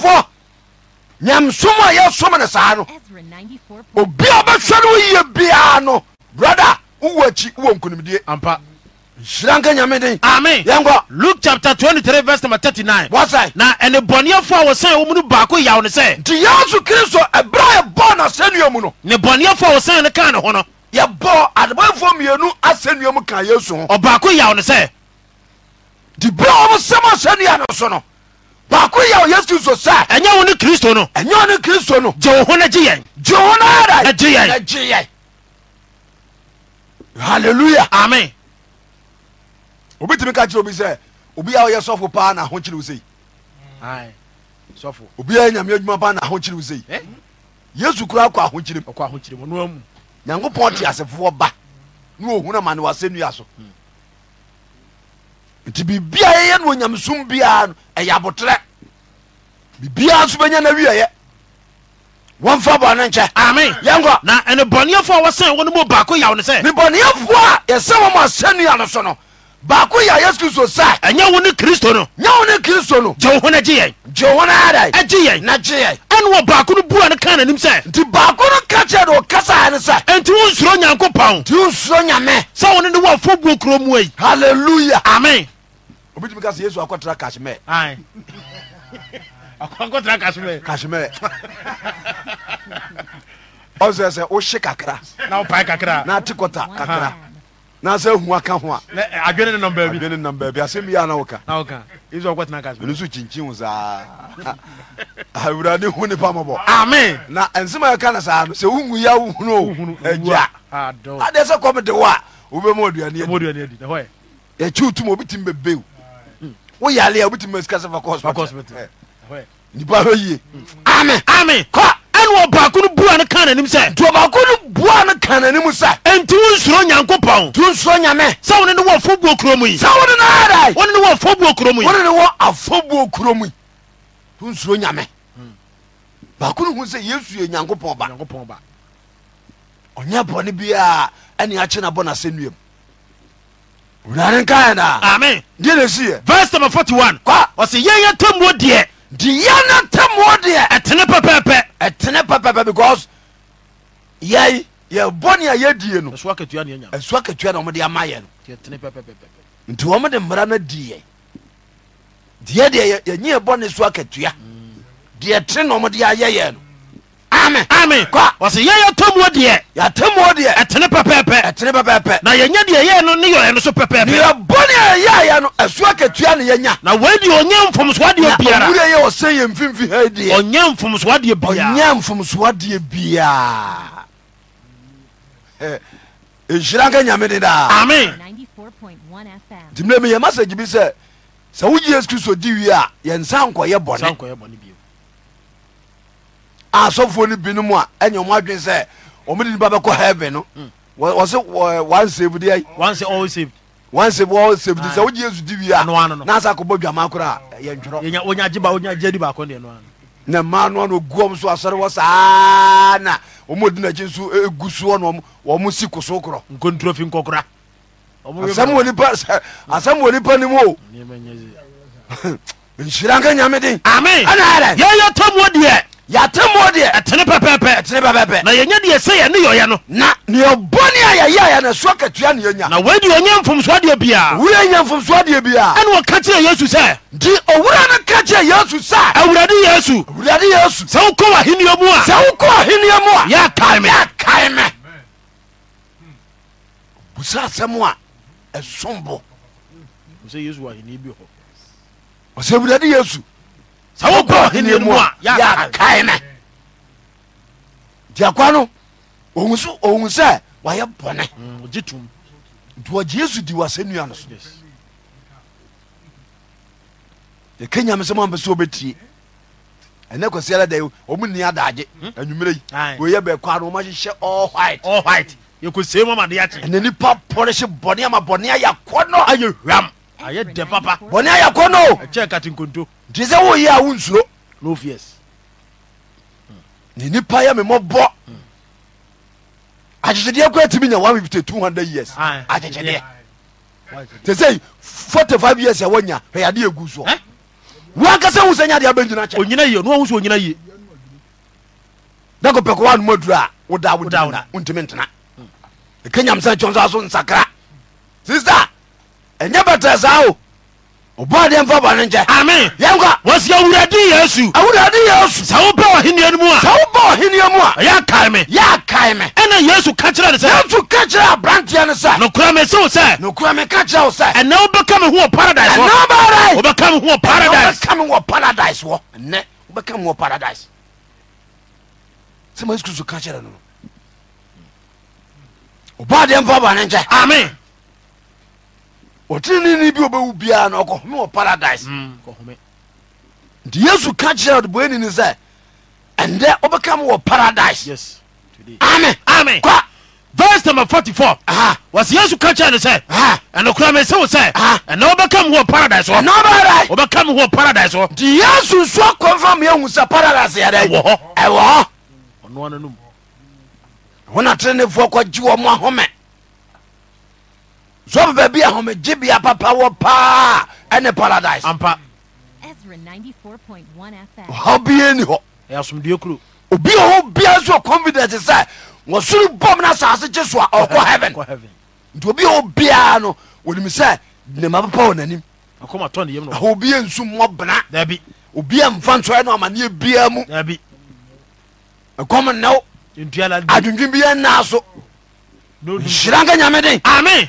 nkurɔfoɔ nyamsom a yɛsom no saa no obi a ɔbɛhwɛ no woyie biaa no brada wowɔ akyi wowɔ nkonimdie ampa nhyira nka nyame den amen yɛnkɔ luke chapter 23 verse number 39 wɔsɛ na ɛne bɔneɛfoɔ a wɔsɛn wɔ mu no baako yaw no sɛ nti yesu kristo ɛberɛ a yɛbɔɔ n'asɛnnua mu no ne bɔneɛfoɔ a wɔsɛn no kaa ne ho no yɛbɔɔ adebɔyɛfoɔ mmienu asɛnnua mu kaa yesu ho ɔbaako yaw no sɛ nti berɛ ɔmo sɛm asɛnnua no so no baako yɛ o yesu kristo sɛ. ɛnyɛ wo ni kristo no. ɛnyɛ wo ne kristo no. gye wo ho na gye yɛn. gye wo na ara. na gye yɛn. na gye yɛn. hallelujah. amen. obi tumi ka kyerɛ obi sɛ obi a ɔyɛ sɔfo paa na ahokyere wo sei. sɔfo. obi a yɛ nyame adwuma paa na ahokyere wo sei. Eh? yesu kura kɔ ahokyere mu. ɔkɔ ahokyere mu ɔno amu. nyankopɔn te asefoɔ ba ne wɔhu na mane wasɛ nnua so. Hmm. nti biribia yɛyɛ no wɔ nyamesom biara no ɛyɛ abotrɛ bibiaa so bɛnya no wieɛ wɔmfa bɔne nkyɛ ame yɛnkɔ na ɛnebɔneɛfoɔ a wɔsɛn wo no mu baako yaw no sɛ nebɔneɛfoɔ a yɛsɛ wɔm asɛnnua no so no baako yɛ yesu kristo sa ɛnyɛ wo ne kristo no nyɛ wo ne kristo no gye wo ho no gye yɛn gye wo no ada ɛgye yɛn na gye yɛn ɛne wɔ baako no bua no ka n'anim sɛ nti baako no ka kyerɛ de ɔkasaɛ no sɛ enti wo nsuro nyankopɔn nti wo nsuro nyame sɛ wo ne ne wɔfo buo kuro mu ayi halleluya amen obɛtumi ka sɛ yesu akɔtra kasmɛ akɔtara kasimɛ. kasimɛ ɔsɛ sɛ o si kakra. n'aw pa kakra. n'a ti kɔta kakra. n'a se hun a kan hun a. a gbɛni ni nɔnbɛ bi. a gbɛni ni nɔnbɛ bi a se bi yan n'aw kan. n'aw kan izɔn kɔtara kasimɛ. nusu cincin saa awurade hu nipa ma bɔ. ami. na nsima yɛ kan na saa sɛ uhun ya uhun o ɛja adi sɛ kɔmi de wa o bɛ mɔ duane yɛ di. yɛ tiw tuma o bi ti bɛ bew o yali yɛ o bi ti bɛ sikasa fa kɔsibiti nipa hwɛ yie amen amen kɔ ɛne wɔ baako no bua no ka nanim sɛ nti ɔbaako no bua no ka nanim sɛ enti wo nsuro nyankopɔn nti wo nsuro nyame sɛ wone ne wɔ afobuo kurom yi sɛ wone naada wone ne wɔ afobuo kurom yi wone ne wɔ afobuo kurom yi wo nsuro nyame hmm. baako no hu sɛ yesu yɛ nyankopɔn ba nyankopɔn ba ɔnyɛ bɔne biaa ɛne akye na bɔ nasɛ nuam wurare nkaɛ naa amen deɛ na ɛsiɛ vers nm 41 ɔsɛ yɛyɛ tammuo deɛ di a na ta moɔ deɛ ɛtene pɛpɛpɛ ɛtene pɛpɛpɛ because yɛ yɛbɔne ayɛ diɛ no asuakatua na ɔmode amayɛ mm. no nti ɔ mo de mmara no dii ɛ diɛ deɛ yɛnye yɛbɔne suakatua deɛ tere noɔmode ayɛyɛ no ame ɔsɛ deɛ yɛtɔmuo deɛ ɛtene pɛpɛɛpɛ ɛtene pɛpɛɛpɛ na yɛnya deɛ yɛyɛ no ne yɛyɛ no so pɛpɛɛpɛ yɛbɔne yɛyɛyɛ no ɛso akatua ne yɛnya na wei ɔnyɛ mfomsoadeɛ biara yɛ ɔsɛ yɛ mfimfi mfomsoadeɛ biara ɔnyɛ biara nka nyame de daa ame mi yɛma sɛ gyibi sɛ sɛ wogye kristo di wie a yɛnsa nkɔyɛ bɔne asɔfoɔ no binom a ɛnyɛ ɔmo adwene sɛ ɔmode nipa bɛkɔ heaven no mm. wɔse one saved ai one saved all saved sɛ ah. wogye yesu di wie Nasa naasa akɔbɔ dwama kora a yɛ ntwerɔ na mmaa no ano oguɔm so asɔre wɔ saa na ɔmo di n'akyi nso egu soɔ na ɔmo si koso korɔ nkontrofi nkɔkora asɛm wɔ nipa asɛm wɔ nipa nim o nhyira nka nyame den amen ɛna yɛyɛ tɔmɔ deɛ yɛatemmuo deɛ ɛtene pɛpɛpɛ ɛtene pɛpɛpɛ na yɛnya deɛ ni yɛne yɛɔyɛ no na neɛbɔne a yɛyɛ yɛne soa katua ne yɛnya na wɔadi ɔnyɛ mfomsoa deɛ biaa wura nya mfomsoa deɛ biaa ɛne wɔka kyerɛ yesu sɛ Di owura no ka kyerɛ yesu sɛ awurade yesu awurade yesu sɛ wokɔ wɔ ahenniɛ mu a sɛ wokɔ ahenniɛ mu a yɛakae me yɛakae me busa asɛm a ɛsom bo sɛ yesu wɔ ahenniɛ bi hɔ ɔsɛ awurade yesu sɛ wokɔ hene mu a yɛakae me deakwa no ɔhu sɛ wayɛ bɔne mm, nti ɔgye yesu di wasɛ nnua no so ɛka nyame sɛ mampɛ sɛ wobɛtie ɛnɛ kɔsiara da ɔmu nni adagye hmm? anwummerɛ yi wɔyɛ bɛkɔ no ɔmahyehyɛ all white all white yɛkɔsee mu amadeɛ akye nipa pɔre hye bɔne ama bɔne ayɛ akɔ no ayɛ hwam ayɛ dɛ papa bɔne ayɛ kɔ no ɛkyɛ kate nkonto nti sɛ woyɛ a wonsuro no fears ne nipa yɛ memmɔbɔ akyekyedeɛ kora timi nya 150200 years akyekyedeɛ sɛ sɛ 45 years a wanya hwɛyade ɛgu soɔ eh? wankasa wu sɛ nya deɛ bɛgyina kyɛ onyina yie no wahu sɛ onyina yie na kɔpɛkɔ wa nomu aduru a woda wontimi ntena ɛka nyamsa kyɔn so a so nsakra sister ɛnyɛ bɛtɛ saa o ɔbɔdeɛ mfa bɔne nkyɛ ame yɛnka wɔsi awurade yesu awurade yesu sɛ wobɛ ɔhenneɛ no mu a sɛ wobɛ ɔhenneɛ mu a ɛyɛ akae me yɛ akae me ɛna yesu ka kyerɛ ne sɛ yesu ka kyerɛ aberanteɛ no sɛ nokora me se wo sɛ nokora me ka kyerɛ wo sɛ ɛnɛ wobɛka me ho wɔ paradise ɛnɛ wobɛrai wobɛka me ho wɔ paradise wobɛka me wɔ paradise wɔ ɛnɛ wobɛka me wɔ paradise sɛ ma yesu kristo ka kyerɛ no ɔbɔdeɛ mfa bɔne nkyɛ amen ɔtenene bi obɛwu biaa na ɔkɔhome wɔ paradise mm, nti yesu ka kyerɛ ɔdeboani ni sɛ ɛndɛ wobɛka mo wɔ paradise ame kwa verse number 44 wɔsɛ yesu ka kyerɛ no sɛ ɛnokora mese wo sɛ ɛnɛ wobɛka mo wɔ paradise hɔ wobɛka mo wɔ paradise hɔ nti yesu so akɔmfa ma yɛhu sɛ paradise yɛdɛ ɛwɔ hɔ ɛwɔ hɔ wonatenefoɔ kɔgye wɔ mo ahome so baabi a homegyebea papa wɔ paa ɛne paradise ampa ɔhaw bia ni hɔ ɛyɛasomdue kuro obi a ɔwɔ bia so confidence sɛ wɔsoro bɔm no asase gye so a ɔkɔ heaven nti obi a ɔwɔ biaa no wɔnim sɛ nema papa wɔ n'anim obi a nsu mmɔbena dabi obi a mfa nsɔre no amanneɛ biaa mu dabi ɛkɔm nnew adwendwen biaa nnaa so nhyira nka nyame den amen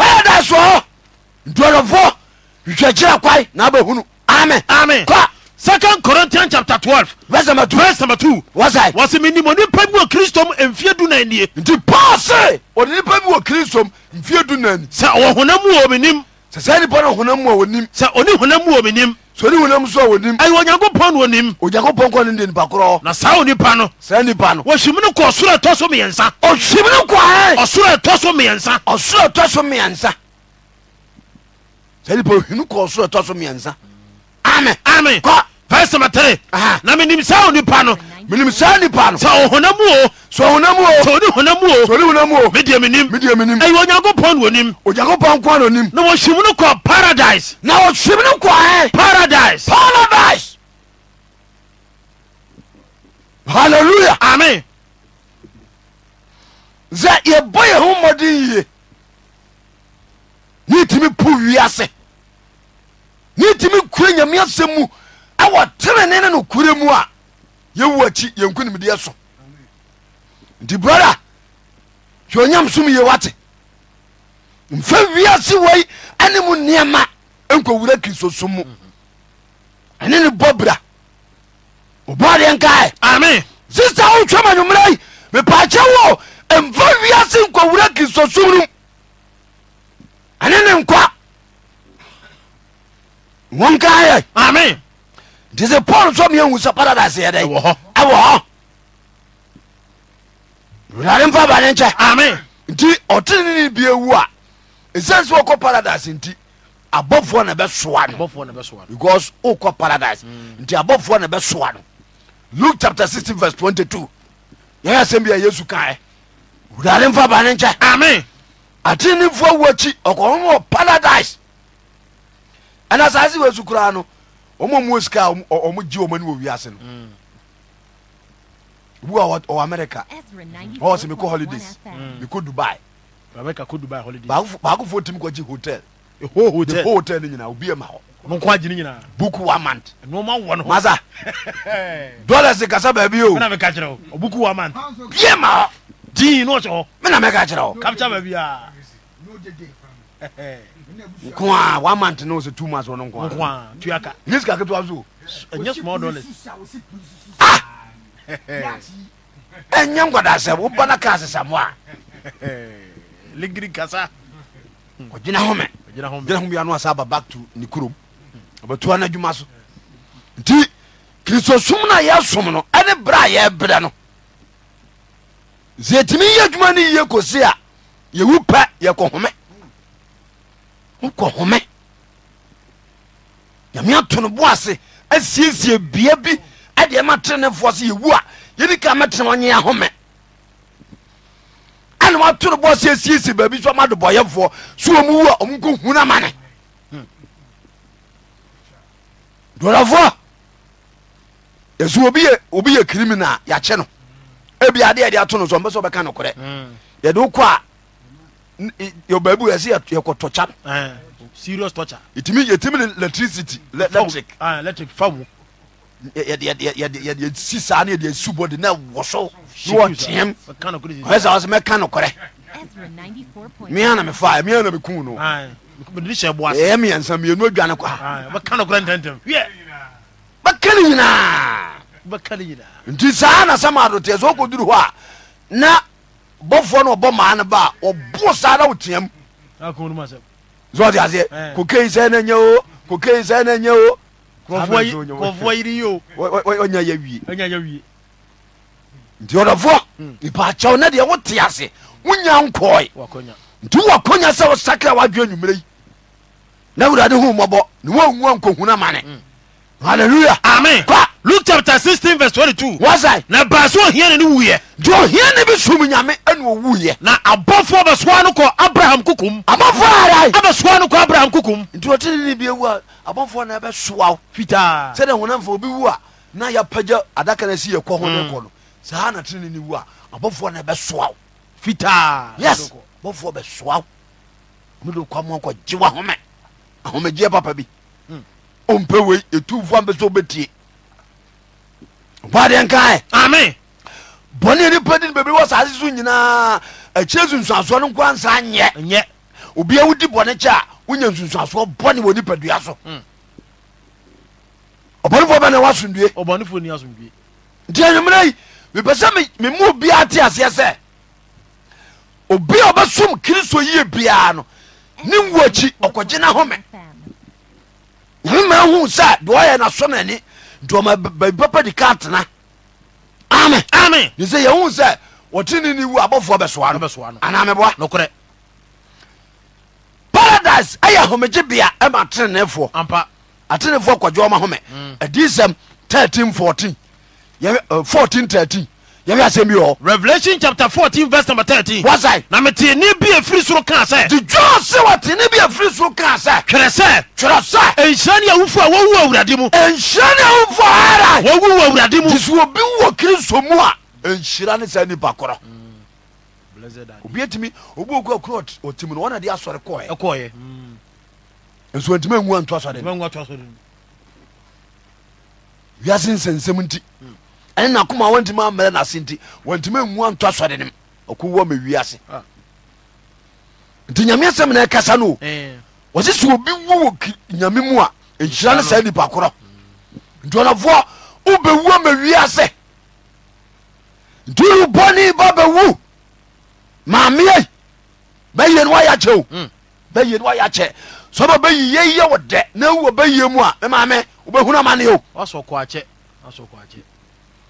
paradise wɔ ntuadɔfoɔ hwehwɛkyerɛ kwae na abɛhunu amen amen kɔ second corinthian chapter twelve verse number two verse number two wɔsɛ wɔsɛ mi ni mo nipa bi wɔ kristo mu nfiɛ du nan nie nti paul se ɔde nipa wɔ kristo mu nfiɛ du nan sɛ ɔwɔ wɔ mi nim sɛ sɛ nipa no honam wɔ wɔ nim sɛ ɔne honam wɔ mi nim sori wonam so a wonim ɛyɛ onyankopɔn na onim onyankopɔn kɔ ne de nipa korɔ na saa onipa no saa nipa no wɔhwim no kɔ ɔsoro ɛtɔ so mmiɛnsa kɔ ɛ eh? ɔsoro ɛtɔ so ɔsoro ɛtɔ so mmiɛnsa saa nipa kɔ ɔsoro ɛtɔ so mmiɛnsa amen kɔ verse number three na menim saa onipa no nyankopɔnny naohm no k paradise na osim no k paradiseparadiseaa am sɛ yɛbɔ yɛhomɔde nyie yetimi po wiase ye timi kure nyame sɛmu wɔ tere nene no kure mua yewaki yenkunemedeɛ so nti bratha yɛonyamsome yewate mfa wia se wei animu neɛma nkawura kristo sommu ane ne bɔ bra oboadeɛ nkaɛ ame siste wo tama nyumnai mepa khɛw mfa wia se nka wura kristo som nom ane ne nkwa wa nkaye a nti sɛ paul nso miɛhu sɛ paradise yɛ ɛwɔ hɔ wurade mfa ba nkyɛ amen nti ɔtene ne bi awu a ɛsiane sɛ wɔkɔ paradise nti abɔfoɔ na bɛsoa no because wokɔ paradise mm. nti abɔfoɔ na bɛsoa no luke chapter 16 verse 22 yɛyɛ asɛm bi a yesu kaɛ wurade mfa ba nkyɛ amen atenefoɔ wu akyi ɔkɔhom wɔ paradise ɛna saa se wɔasu koraa no ɔmo mu sika ɔmo gye ɔmo ni wɔ wiase no mm. obi wa ɔwɔ america ɔwɔ sɛ mekɔ holidays mm. mekɔ dubai baako fo timi kɔgye hotel the whole hotel no nyinaa obi e ma hɔ book one month e masa dollars kasa baabi o bie ma hɔ mena mɛka kyerɛ hɔ nko a one month no sɛ two months ɔno nko a tuaka nye sika ketewa so ɛnyɛ small dollars ah! ɛnyɛ nkwadasɛ woba na kaa sesamo a ligiri kasa ɔgyina home gyina home biano asa aba back to ne kurom ɔbɛtoa no adwuma so nti kristosom no a yɛsom no ɛne berɛ a yɛbrɛ no Zetimi ɛtumi yɛ adwuma no yie kɔsi a yɛwu pɛ yɛkɔ home nkɔ home nyame ato no bo ase asiesie bia bi ɛdeɛ materenefoɔ so yɛwu a yɛdi ka mɛtena ɔnye ahome ɛne wato no bo ase asiesie baabi so amadobɔyɛfoɔ so ɔmu wu a ɔmu nkɔhu no ma ne dɔdɔfoɔ yɛso obi yɛ criminal yɛakye no ebi adeɛ yɛde ato no so ɔmpɛ sɛ ɔbɛka nokorɛ hmm. yɛde wokɔ a yɛ baabi wɔ yɛsɛ yɛkɔ tɔkya serious torture. ìtìmí ìtìmí ni electricity electric. Ah, electric famu. yɛde si saa ne yɛde su bɔ de na wɔsɔ ne wɔ teɛm ɔyɛ sɛ ɔsɛ mɛka nokorɛ mea na mefa mea na meku no ɛyɛ miɛnsa ah, mmienu adwane kɔ bɛka ne nyinaa nti saa na sɛ maado teɛ sɛ wokɔduru hɔ a na bɔfoɔ no ɔbɔ maa no ba a ɔboɔ saa na woteam sɛ ɔde aseɛ eh. kokei sɛ no nyɛ o kokei sɛ no nyɛ o ɔnya yɛ wie nti ɔdɔfoɔ nipakyɛw na deɛ wote ase wonya nkɔe nti wakonya sɛ wosakra woadwe anwummerɛ yi na wurade hu mmɔbɔ ne woawua nkɔhuna ma mm. ne halleluya amen kwa luke chapter sixteen verse twenty-two. wáṣà. na baasi ohiani ni wuyɛ. jọ ohiani bi sum nyame ɛna owuyɛ. na abɔfo abɛsoa no kɔ abraham kukum. abɔfo ara. abɛsoa no kɔ abraham kukum. nti o ni ni bi ewu a abɔfo na ɛbɛ soa o. fitaa. sɛdeɛ hunanfɔ obi wu a na yapagya adaka na si yɛ kɔ ho ne mm. kɔ no saa na ti ni ni wu a abɔfo na ɛbɛ soa o. fitaa. yes abɔfo bɛ soa o. ɔmu de kɔ mu kɔ jiwa ahome ahomegye papa bi. o mm. mpɛ wei etu fua mbɛ so bɛ tie mpadeɛ nkaɛ ame bɔne nipa di no bebre wɔ saase so nyinaa akyirɛ sunsuasoɔ no nkoa nsa nyɛ nyɛ obia wodi bɔne kyɛ a wonya nsunsuasoɔ bɔne wɔ nipadua so hmm. ɔbɔnefoɔ bɛne wasomdue ɔbɔnefoɔ ni asomdue nti anwummerɛ yi mepɛ sɛ memu obiaa te aseɛ sɛ obia ɔbɛsom kristo yie biaa no ne nwuakyi ɔkɔgye na home nyame ma hu sɛ deɛ ɔyɛ nasɔ no ani ntbaibapa di ka tena ame sɛ yɛhu sɛ wɔtene ne wu abɔfoɔ bɛsoa no anameboa nokorɛ paradise ɛyɛ homegye bea ma tenenefoɔ atenefoɔ kwadwoɔma home mm. thirteen 13 14 fourteen 13 yɛhwɛ asɛm bi wɔ revelation chapter fourteen verse number 13 wasae na metee ni bi afiri soro kaa sɛ de dwoo se wɔte ne bi afiri soro kaa sɛ twerɛ sɛ twerɛ sɛ ɛnhyira awufo a wɔwu awurade mu ɛnhyira ne awufo ara wɔwu wɔ awurade mu sɛ obi wɔ kristo mu a ɛnhyira ne saa nipa korɔ obi atumi obi ogu akuro ɔtimi no ɔna de asɔre kɔɛ ɛkɔɛ mm. nso ntimi angu anto asɔre no wiase nsɛnsɛm nti mm. ɛne nakoma wantimi ammerɛ nase nti wantimi amua nto asɔre nem ɔkowa ma wi ase ah. nti nyame sɛm na ɛkasa no o eh. wɔse sɛ obi wu wɔ nyame mu a nhyira ne saa nipa korɔ nti ɔnɔfoɔ wobɛwu ma wi ase nti wobɔne ba bɛwu maameɛ bɛyie no wayɛ o hmm. bɛyie no wayɛ sɛ ɔba bɛyi wɔ dɛ na wu bɛyie mu a memaame wobɛhunu amane o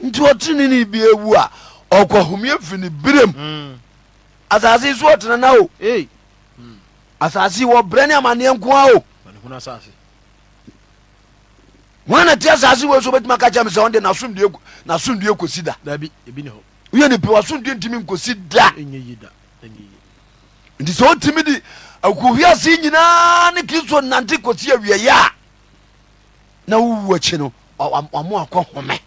nti ɔte ne bi awu a ɔkɔhomea ne berem hmm. asase so ɔtena na o hmm. asase wɔ brɛ ne amanneɛ a o wana te asase wei so wobɛtumi aka kyɛ me sɛ ɔde nasomdue kɔsi da woyɛ nipa wasomdue ntimi nkɔsi da nti sɛ wotimi de akowiase nyinaa ne kristo nante kɔsi awiɛyɛ a na wowu akyi no ɔmo akɔ home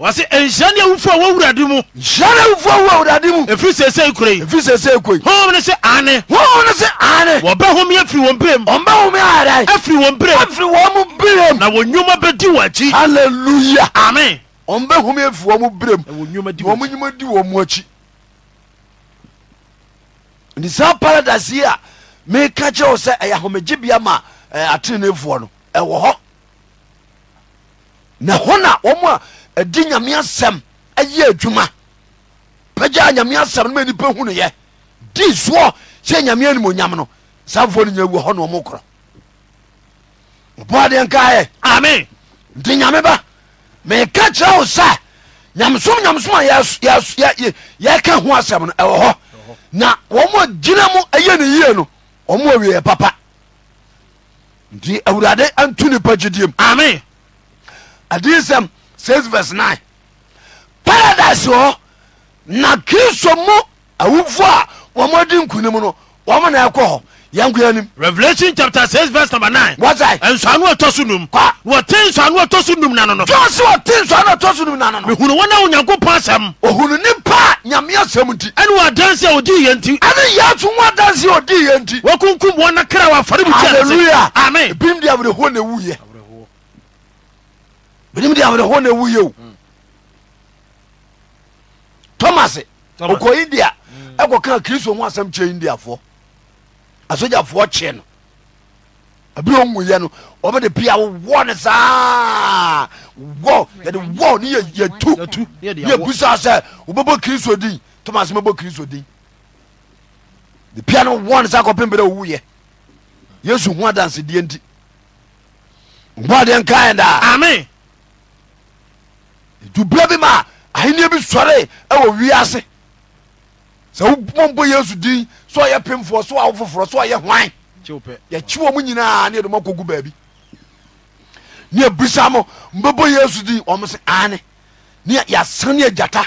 wɔse nhyira ne awufoɔ wɔ wurade mu nhyira ne awufoɔ wɔ wurade mu ɛfiri sɛsɛi kurei ɛfiri sɛsɛi kurei honhom ne sɛ ane honhom ne sɛ ane wɔbɛ home afiri wɔn berɛm ɔmbɛ home ayɛdɛ afiri wɔn berɛm afiri wɔn mu berɛm na wɔn nnwuma bɛdi wɔn akyi halleluya amen ɔmbɛ home afiri wɔn mu berɛm wɔn nnwuma di wɔn mu akyi nti paradise yi a meka kyerɛ sɛ ɛyɛ ahomegyebea ma eh, atenefoɔ no ɛwɔ hɔ na hɔ na wɔn a adi nyame asɛm ɛyɛ adwuma pɛgya nyame asɛm no ma nipa hu noyɛ di soɔ sɛ nyame animonyam no saa foɔ no nya wu hɔ noɔmo korɔ ɔboadeɛ nkaɛ ame nti nyame ba meka kyerɛ wo sɛ nyamesom nyamesom a yɛka ho asɛm no ɛwɔ hɔ na wɔma gyina mu ɛyɛ ne yie no ɔmo awieɛ papa nti awurade anto nipa gyidiem ame adesɛm 6 vs 9 paradise hɔ na kristo mu awufo a wɔmɔdi nkonim no wɔmo na ɛkɔ hɔ yankuyanim. revelation chapter six verse number nine. wọ́sà yìí. nsọ́nù ọ̀tọ́ sùn nùm. kọ́. wọ́n ti nsọ́nù ọ̀tọ́ sùn nùm nànú. jọ́sí wọ́n ti nsọ́nù ọ̀tọ́ sùn nùm nànú. mihunu wọn náà yankun pọ́n sẹ́mu. òhun ní pa nyàmíyà sẹ́mu ti. ẹni wà dánsì òdi yẹn ti. ẹni yà wà dánsì òdi yẹn ti. wọ́n kúnkún wọn nákẹ́rẹ́ wà farimu jẹ́ ẹ̀sìn. hallelujah amen. ebi mi di abudu hó na ewu yẹ menim de awerɛho na ɛwu yeo thomas ɔkɔ india ɛkɔka mm. kristo ho asɛm kyerɛ indiafoɔ asogyafoɔ kyee no abiri ohun yɛ no ɔbɛ de pia wɔ ne saa wɔ yɛde wɔ ne yɛ yɛ tu yɛ busa sɛ wɔbɛbɔ kristu din thomas bɛbɔ kristu din de pia no wɔ ne saa kɔpem bɛrɛ owu yɛ yesu hu adansi die nti hu adiɛ nkae daa amen dubra bi ma ahenniɛ bi sɔre ɛwɔ wiase sɛ womɔbɔ yesu din so ɔyɛ pemfoɔ so awo foforɔ so ɔyɛ hwan yɛkyi wɔ mu nyinaa ne yɛdɔm akɔgu baabi ne yɛbisa mo mbɛbɔ yesu din ɔmo se ane ne yɛasan ne agyata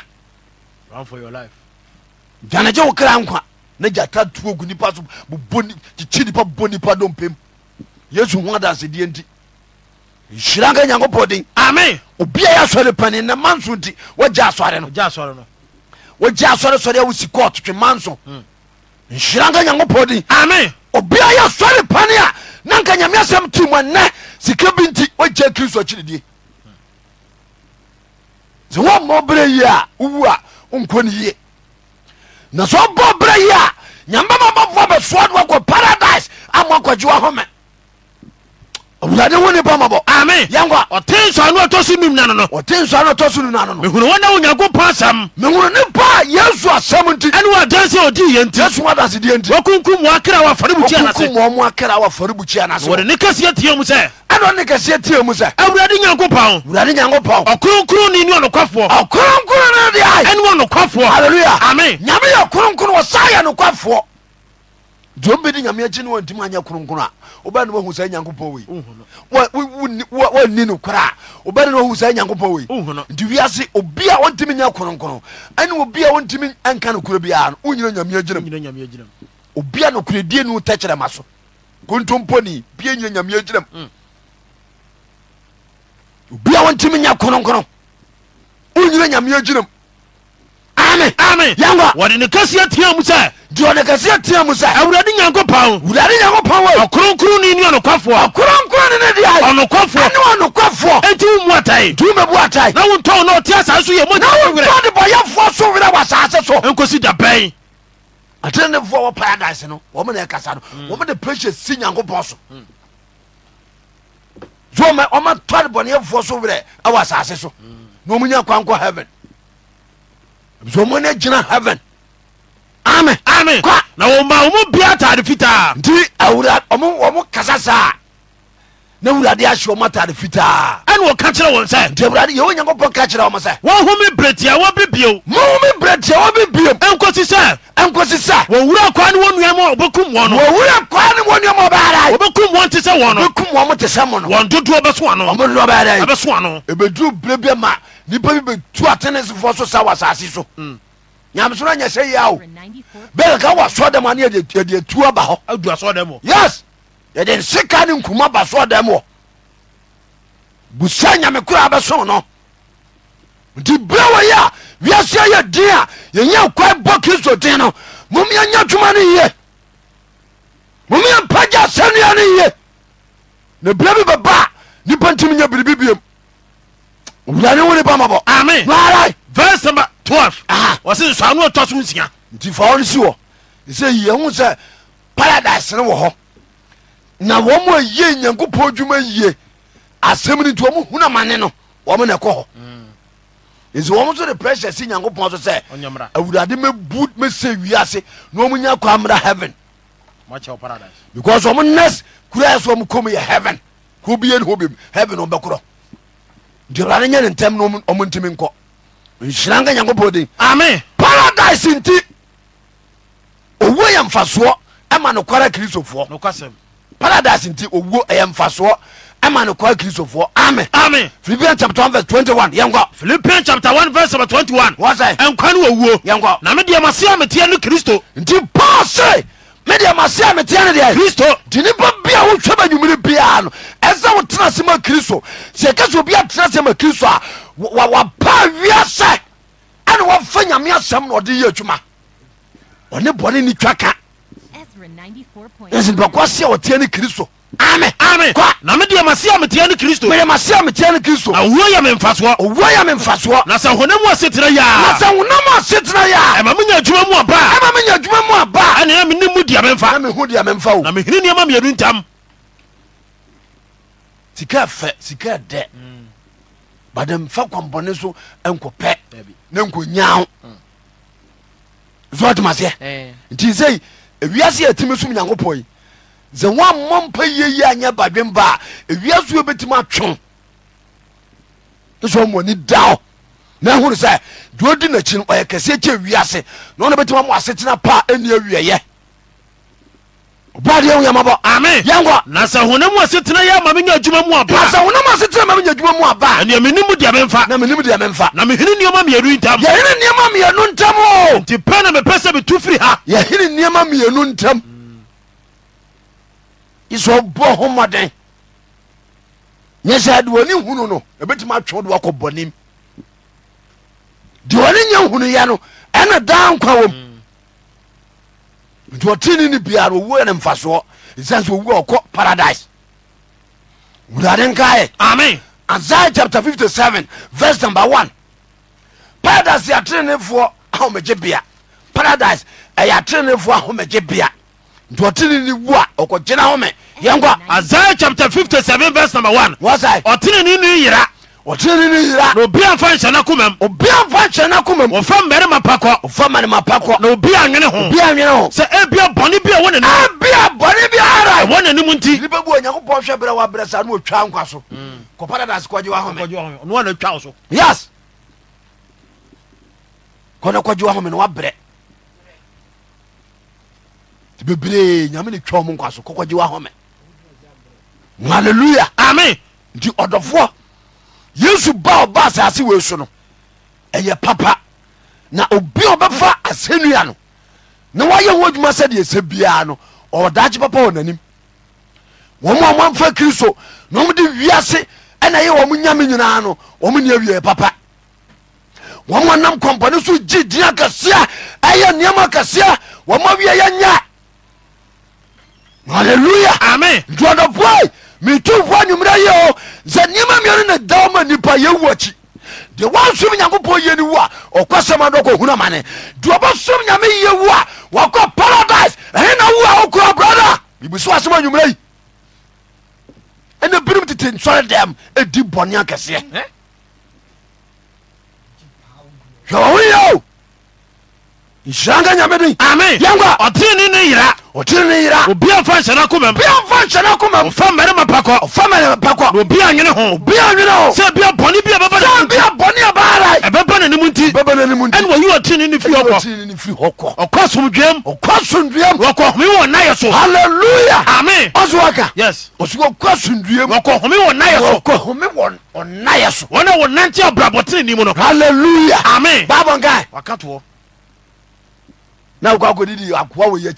gyanagye wo kra nkwa na gyata tuo gu nipa so bobɔ kyikyi nipa bɔ nipa dɔmpem yesu ho adansedie nti nhyira nka nyankopɔn den ame obia yɛ asɔre pani na manso nti wagya asɔre no wagya asɔre sɔre a wosi kɔɔ totwe manso nhyira nka nyankopɔn den ame obia yɛ asɔre pani a na nka nyame asɛm ti mu ɛnɛ sika bi nti wagya kristo akyiridie sɛ wommɔ berɛ yie a wowu a wonkɔ ne yie na sɛ wobɔ berɛ yie a nyame bɛma bɔfoɔ bɛsoa de wakɔ paradise ama akɔgye wahome awurade ho ne bɔ ami yankwa ɔte nsɔa no ɔtɔ so num no ɔte nsɔa no ɔtɔ so num no mehunu wɔn na onyankopɔn asɛm mehunu ne ba yesu asɛm nti ɛne wɔ adanse ɔdi yɛ nti yesu di yɛ nti wɔkunkum wɔn akra wɔ afɔre anase wɔkunkum wɔn akra wɔ afɔre bukyi anase wɔde ne kɛseɛ tie mu sɛ ɛna ne kɛseɛ tie mu sɛ awurade nyankopɔn awurade nyankopɔn ɔkronkron ni ne ɔnokwafoɔ ɔkronkron ne deɛ ɛne ɔnokwafoɔ hallelujah ami nyame yɛ kronkron wɔ saa yɛ nokwafoɔ deɛ obi de nyame akyi ne wantimi anyɛ kronkron a wobɛ ne wahu saa nyankopɔn wei wanni no kora a wobɛ ne wahu saa nyankopɔn wei nti wiase obi a wontimi nyɛ kronkron ɛne obi a wontimi ɛnka no kora biara no wonyina nyame agyinam obi a nokoradie no tɛkyerɛma so kontomponi bia nyina nyame agyinam obi a wontimi nyɛ kronkron wonyina nyame agyinam ame ame yango wɔde ne kɛseɛ tea mu sɛ deɛ ɔde kɛseɛ tea mu sɛ awurade nyankopɔn wurade nyankopɔn wɔ ɔkronkro ne ne ɔnokwafoɔ ɔkronkro ne ne deɛ ɔnokwafoɔ ne ɔnokwafoɔ enti wo mu atae tu mɛbu atae na wontɔn na ɔte asase so yɛ mu na wontɔ de bɔyɛfoɔ so werɛ wɔ asase so nkɔsi da bɛn atenefoɔ wɔ paradise no wɔm na ɛkasa no wɔm de pressure si nyankopɔn so ɔma tɔde bɔneyɛfoɔ so werɛ awɔ asase so hmm. na ɔmunya Zomone no gyina heaven ame ame kwa na wɔma wɔn bia ataade fitaa nti awura ɔmo ɔmo kasa saa na awurade ahyɛ ɔmo ataade fitaa ɛna wɔka kyerɛ wɔn sɛ nti awurade yɛwɔ nyankopɔn ka kyerɛ ɔmo sɛ wɔn home bretia wɔn bi bio wɔn home bretia wɔn bi bio ɛnkosi sɛ ɛnkosi sɛ wɔn kwa ne wɔn nua mu a wɔbɛkum wɔn no wɔn kwa ne wɔn nua mu a ɔbɛyɛ dɛ wɔbɛkum wɔn te sɛ wɔn no wɔbɛkum wɔn te sɛ wɔn no wɔn dodoɔ bɛso ano wɔn dodoɔ bɛyɛ dɛ ɛbɛso ano bere bi ma nipa bi bɛtu atenesefoɔ so sa wɔ asase so nyamesoro anyɛ sɛ yia o bɛɛ kaka wɔ asɔdɛm ane yɛde atu aba hɔ adu asɔdɛm wɔ yes yɛde nseka ne nkuma ba asɔdɛm wɔ busa nyame kora bɛso no nti berɛ wɔ yɛ a wiase yɛ din a yɛnya kwae bɔ kristo din no mom yɛnya dwuma no yie mom yɛmpa gya asɛnnua no yie na berɛ bi bɛba a nipa ntimi nya biribi biom owurade wo ne bamabɔ ami nara verse number twelve wɔsi nsɔanu ɔtɔ so nsia nti fa ɔno si wɔ ɛsɛ yɛhu sɛ paradise ne wɔ hɔ na wɔn mu ayie nyankopɔn adwuma yie asɛm no nti wɔn hu na mane no wɔn na ɛkɔ hɔ nti mm. wɔn nso de pressure si nyankopɔn so sɛ awurade mɛbu mɛsɛ wiase na wɔn nya kɔ amra heaven because wɔn nurse kura yɛ so wɔn kɔn mu yɛ heaven k'obi yɛ ne ho bɛ mu heaven wɔn bɛ korɔ nti awurade nyɛ ne ntɛm na ɔmo ntimi nkɔ nhyira nka nyankopɔn den ame paradise nti owuo yɛ mfasoɔ ɛma nokwara kristofoɔ paradise nti owuo ɛyɛ mfasoɔ ɛma nokwara kristofoɔ ame ame philippians chapter one verse twenty 21 yɛnkɔ philippians chapter one verse 21 wɔsɛ ɛnkwa no wɔwuo yɛnkɔ na medeɛ maseɛ meteɛ no kristo nti paul se medeɛ maseɛ meteɛ no deɛ kristo nti nipa bia wotwa ma nwumere biaa no ɛsɛ wo tena se ma kristo sɛ ɛka sɛ obi atena ma kristo a wapa wia sɛ ɛne wɔmfa nyame asɛm na ɔde yɛ adwuma ɔne bɔne ni twa ka ɛsɛ nipa kɔ seɛ ɔteɛ ne kristo amen amen kɔ na mi deɛ masi ametia ni kristo. mɛ masi ametia ni kristo. na owó yɛ mi nfasoɔ. owó yɛ mi nfasoɔ. na sɛ honam wa setena yaa. na sɛ honam wa setena yaa. ɛma mi nya adwuma mu aba. ɛma mi nya juma mu a ba. ɛna ɛmi ni mu diɛ mi nfa. ɛna mi hu diɛ mi nfa o. na mi hiri nneɛma mienu ntam. sika fɛ sika dɛ. Mm. bade nfa kɔnpɔne so nkɔ pɛ ne nkɔ nyaaw. Mm. zɔɔ tuma seɛ. Eh. nti sɛ wiase yɛ sɛ woammɔ mpa yieyi anyɛ badwen ba a ewia so yɛbɛtumi atwom ne sɛ ɔmmɔni da hɔ na ɛhunu sɛ deɛ odi n'akyi no ɔyɛ kɛseɛ kyɛ wiase na ɔno bɛtumi amɔ asetena pa a ɛni awieyɛ bade yamabɔ ami yɛnkɔ na sɛ honam asetena yɛ ma menya adwuma mu aba sɛ honam asetena ma menya adwuma mu aba ɛneɛ menim deɛ memfa na menim deɛ memfa na mehene nneɔma mmienu ntam yɛhene nneɔma mmienu ntam o nti pɛ na mepɛ sɛ metu firi ha yɛhene nneɔma mmienu ntam sɛ ɔbɔ ho mmɔden nyɛ sɛ de wɔne hunu no ɛbɛtumi atwe wode wakɔ bɔnem deɛ ɔne nya hunuyɛ no ɛna daa nkwa wom nti ɔtene no biara owuo ne mfasoɔ ɛsiane sɛ owuo ɔkɔ paradise wurade nkaɛ amen isaiah chapter fifty-seven, verse number one. paradise yɛ atenenefoɔ ahomegye bea paradise ɛyɛ atenenefoɔ ahomegye bea nti ɔtene ne wu a ɔkɔgyena home yɛnkɔ isaiah chapter 57 verse number 1 wɔsae ɔtene ne ne yera ɔtene ne ne yera na obi amfa nhyɛ no obi amfa nhyɛ no komam mmarima pa kɔ mmarima pa na obi anwene ho obi anwene ho sɛ ebia bɔne bi a ɛwɔ n'anim ebia bɔne bi ara ɛwɔ n'anim nti nipa bi onyankopɔn hwɛ berɛ wabrɛ saa na ɔtwa nkwa so hmm. kɔpa dadase kɔgye wa home ɔno ana twa wo so yes kɔne kɔgye wa home na wabrɛ bebree nyame ne twa mo nkwa so kɔkɔgye wa home halleluya amen nti ɔdɔfoɔ yesu ba ɔba asase wei so no ɛyɛ papa na obi a ɔbɛfa asɛnnua no na wayɛ ho adwuma sɛdeɛ ɛsɛ biara no ɔwɔdaakye papa wɔ n'anim wɔn a wɔamfa kristo na wɔde wiase ɛna ɛyɛ wɔn nyame nyinaa no wɔn ni awie papa wɔn a nam kɔmpɔne so gye gyina kɛseɛ ɛyɛ nneɛma kɛseɛ wɔn awie yɛ Hallelujah, amen duadɔfoɔ metumfoɔ anwummerɛ yi o sɛ nneɛma mmienu ne daw ma nnipa yɛwu ni deɛ wansom nyankopɔn yie no wu a ɔkɔsɛm adɔkɔ hunu amane duɔbɔsom nyame yie wu a wɔkɔ paradise ɛhe na wu a wokura brada bibisɛ wasɛm anwummerɛ yi ɛna binom tete nsɔre dɛm ɛdi bɔne akɛseɛ hwɛ wɔ ho yɛ o nhyira nka nyame den amen yɛnkɔ ɔtene ne yera ɔtiri ni yira. obi a nfa nsɛnɛ kumɛ. obi a nfa nsɛnɛ kumɛ. ofa mɛrima pakɔ. ofa mɛrima pakɔ. obi a nyina ho. obi a nyina ho. sɛ bi a bɔnni bi a bɛ ba ne. sɛ bi a bɔnni a b'a la. ɛbɛ ba ne nimu ti. bɛ ba nimu ti. ɛni wɔyi wa tiini ni fi hɔ kɔ. tiini ni fi hɔ kɔ. ɔkɔ sunduya mu. ɔkɔ sunduya mu. wɔkɔ humi wɔ n'a yɛ so. hallelujah. ami. ɔsuwaka. yes. ɔsuwɔ kɔ sunduya mu. wɔkɔ humi wɔ n'a yɛ so. wɔkɔ humi wɔ n'a yɛ so. wɔn na ni mu no. hallelujah. ami. baabɔ n'a ko a ko didi a ko awo yɛ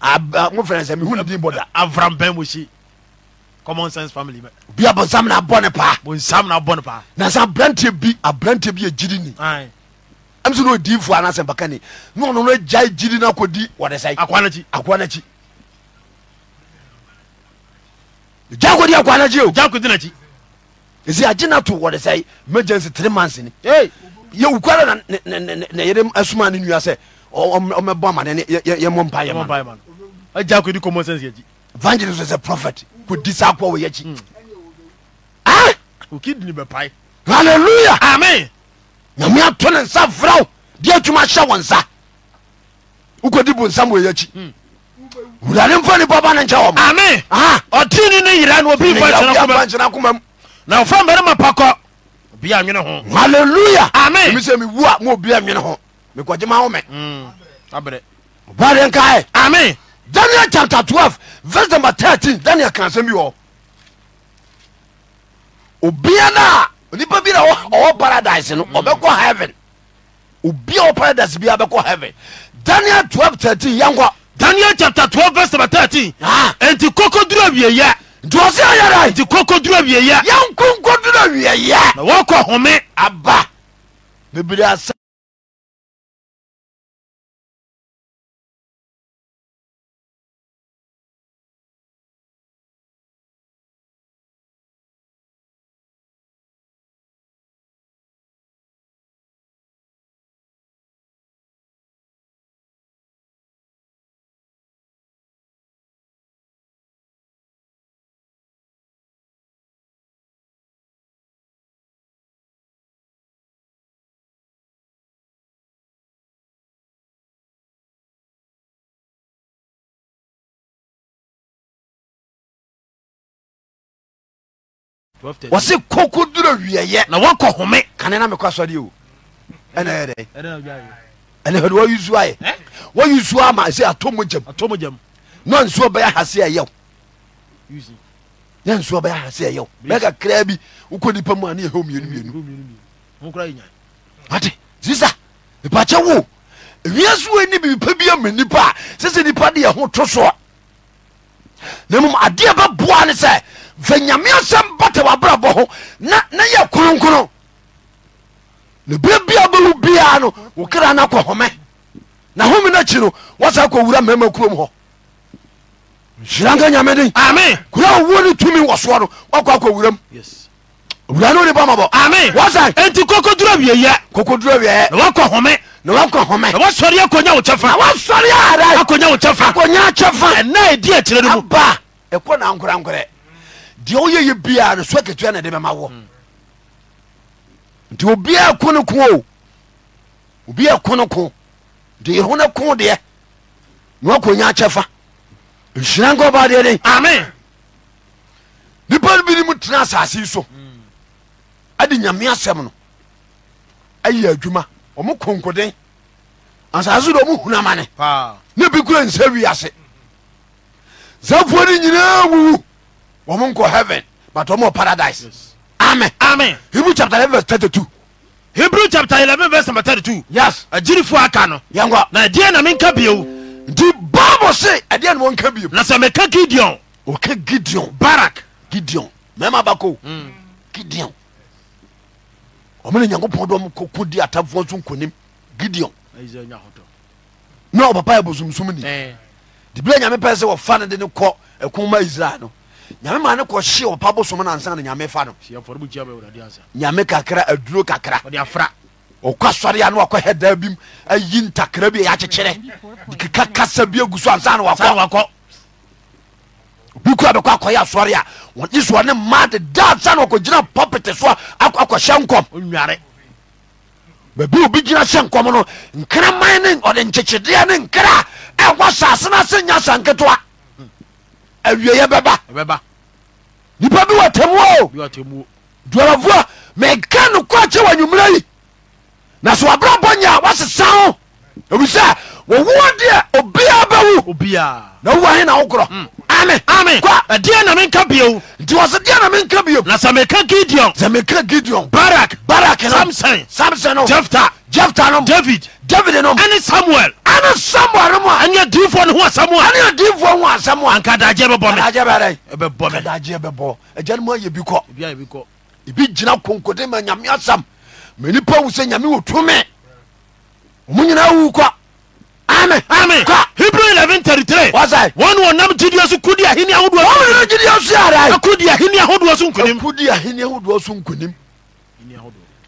Uh, mo fɛnɛ sɛ mihu ne din bɔ da avram bɛn mo si common sense family bɛ bi a bonsam na bɔ ne paa bonsam na bɔ ne paa na sa aberanteɛ bi aberanteɛ bi yɛ gyidi ni ɛmi sɛ n'o di fo anasɛn baka ni n'o n'o gya gyidi na ko di wɔdɛsɛ akɔ anakyi akɔ anakyi gya ko di akɔ anakyi o gya ko di n'akyi esi agye na to wɔdɛsɛ emergency three months ni yɛ wukɔ ala na na na na yɛrɛ asuma ne nua sɛ ɔmɛbɔ ama ne yɛ mɔ mpa yɛ ma no. el pretyelela yame tone nsa vra dcum shewo nsa okd bo nsamyecfn nmamese mewoa mobi enho mekmaom daniel chapter twelve verse number thirteen daniel kan sẹ́mi wọ̀ obiara na nipa bi na ɔwɔ paradise no mm. ɔbɛkɔ heaven Obi ɔwɔ paradise bi abɛkɔ heaven daniel twelve thirteen yankɔ. daniel chapter twelve verse number thirteen. nti koko duro wie yɛ. nti ɔsi ayɛrɛ. nti koko duro wie yɛ. yankunko duro wie yɛ. na wɔkɔ home. aba bibiri asa. wɔse koko duro wieyɛ na wɔnkɔ home kane na mekɔ asɔre o ɛnɛ yɛdɛ ɛnɛ hɛde wɔyusu ayɛ eh? wɔyusu ama sɛ atɔ mo gyam na nsuo bɛyɛ hase ɛyɛw na nsuo bɛyɛ hase ɛyɛw bɛka kraa bi wokɔ nipa mu a ne yɛhɛ mmienu mmienu sisa mepakyɛ wo wiase wei ne biripa bi ama nipa a nipa de yɛ to soɔ na mmom adeɛ bɛboa ne sɛ fa nyame asɛm bata wabrabɔ ho na yɛ kronkrono na biabia bɛwu biaa no wo kra no akɔ home na home no akyi no wasa kɔwura mama kurom hɔ nhyira nka nyame den kura owuo no tumi wɔ soɔ no wakɔ akɔwuram wura no ne bamabɔ ame wasa enti kokoduro wieyɛ kokoduro wieyɛ na wakɔ home na wakɔ home na wasɔre akɔnya wo kyɛfa na wasɔre ara akɔnya wo kyɛfa akɔnya kyɛfa ɛna ɛdi akyerɛ no mu aba ɛkɔ na nkorankorɛ deɛ woyɛyɛ biaa no so akatua na ɛde bɛma wɔ nti obiaa ko no ko o obia ko no ko nti yɛho no ko deɛ na wakɔ nya akyɛ fa nhyira nka ɔba deɛ den amen nipa no binom tena asase yi so ade nyame asɛm no ayɛ adwuma ɔmo konkoden asase de ɔmo hunamane na bi kura nsa wiase safoɔ no nyinaa wuwu wɔmo nkɔ heaven but wɔmo paradise amen amen hebrew chapter eleven verse thirty two. hebrew chapter eleven verse number thirty two. yes agyinifo aka no. yankwa na ɛdeɛ na mi nka biewu. nti baabu se ɛdeɛ na wɔn nka biewu. na sɛ mɛ ka gideon. o ka gideon barak gideon mɛma bako mm. gideon ɔmo ne nyankopɔn dɔm koko di atamfoɔ so nkonim gideon na ɔpapa yɛ bosomsom ni dibila eh. nyame pɛ sɛ wɔfa no de no kɔ ɛko ma israel no nyame ma ne kɔhye ɔpa bosom no ansa na nyame fa no nyame kakra aduro kakra ɔkɔ asɔre a ne wakɔ hɛdaa bim ayi ntakra bi a yɛakyekyerɛ de keka kasa bi agu so ansa na wakɔ obi kura bɛkɔ akɔyɛ asɔre a wɔnye so ɔne ma deda ansa na wɔkɔgyina pɔpete so a akɔhyɛ nkɔm nware baabi obi gyina hyɛ nkɔm no nkraman ne ɔde nkyekyedeɛ ne nkra ɛwɔ saase no ase nya sanketewa ieyɛbɛba nipa bi wa tamu duaavua meka nokoakyewa ayumirai na so wabrabɔya wasesano obisɛ wowuo diɛ obia bɛwunaowuenawokorɔdiɛ namenka biu nti wsedeɛ nameka bi nasɛ meka d meka denss jepta nom david david nom ɛne samuel ɛne samuel nom a ɛne adiifoɔ no ho asɛm a ɛne adiifoɔ ho asɛm a anka adagyeɛ bɛbɔ me adagyeɛ bɛdɛ ɛbɛbɔ e me adagyeɛ bɛbɔ agya no mu ayɛ bi kɔ ebi kɔ ebi gyina konkoden ma nyame asɛm ma nipa wu sɛ nyame wɔ tumi ɔmo nyinaa wu kɔ amen amen kɔ hebrew eleven thirty three wɔsɛ wɔn wɔ nam gyidiɛ so kudi ahenni ahodoɔ so wɔn wɔ nam gyidiɛ so yɛ ara yi akudi ahenni ahodoɔ so nkunim akudi ahenni ahodoɔ so nkunim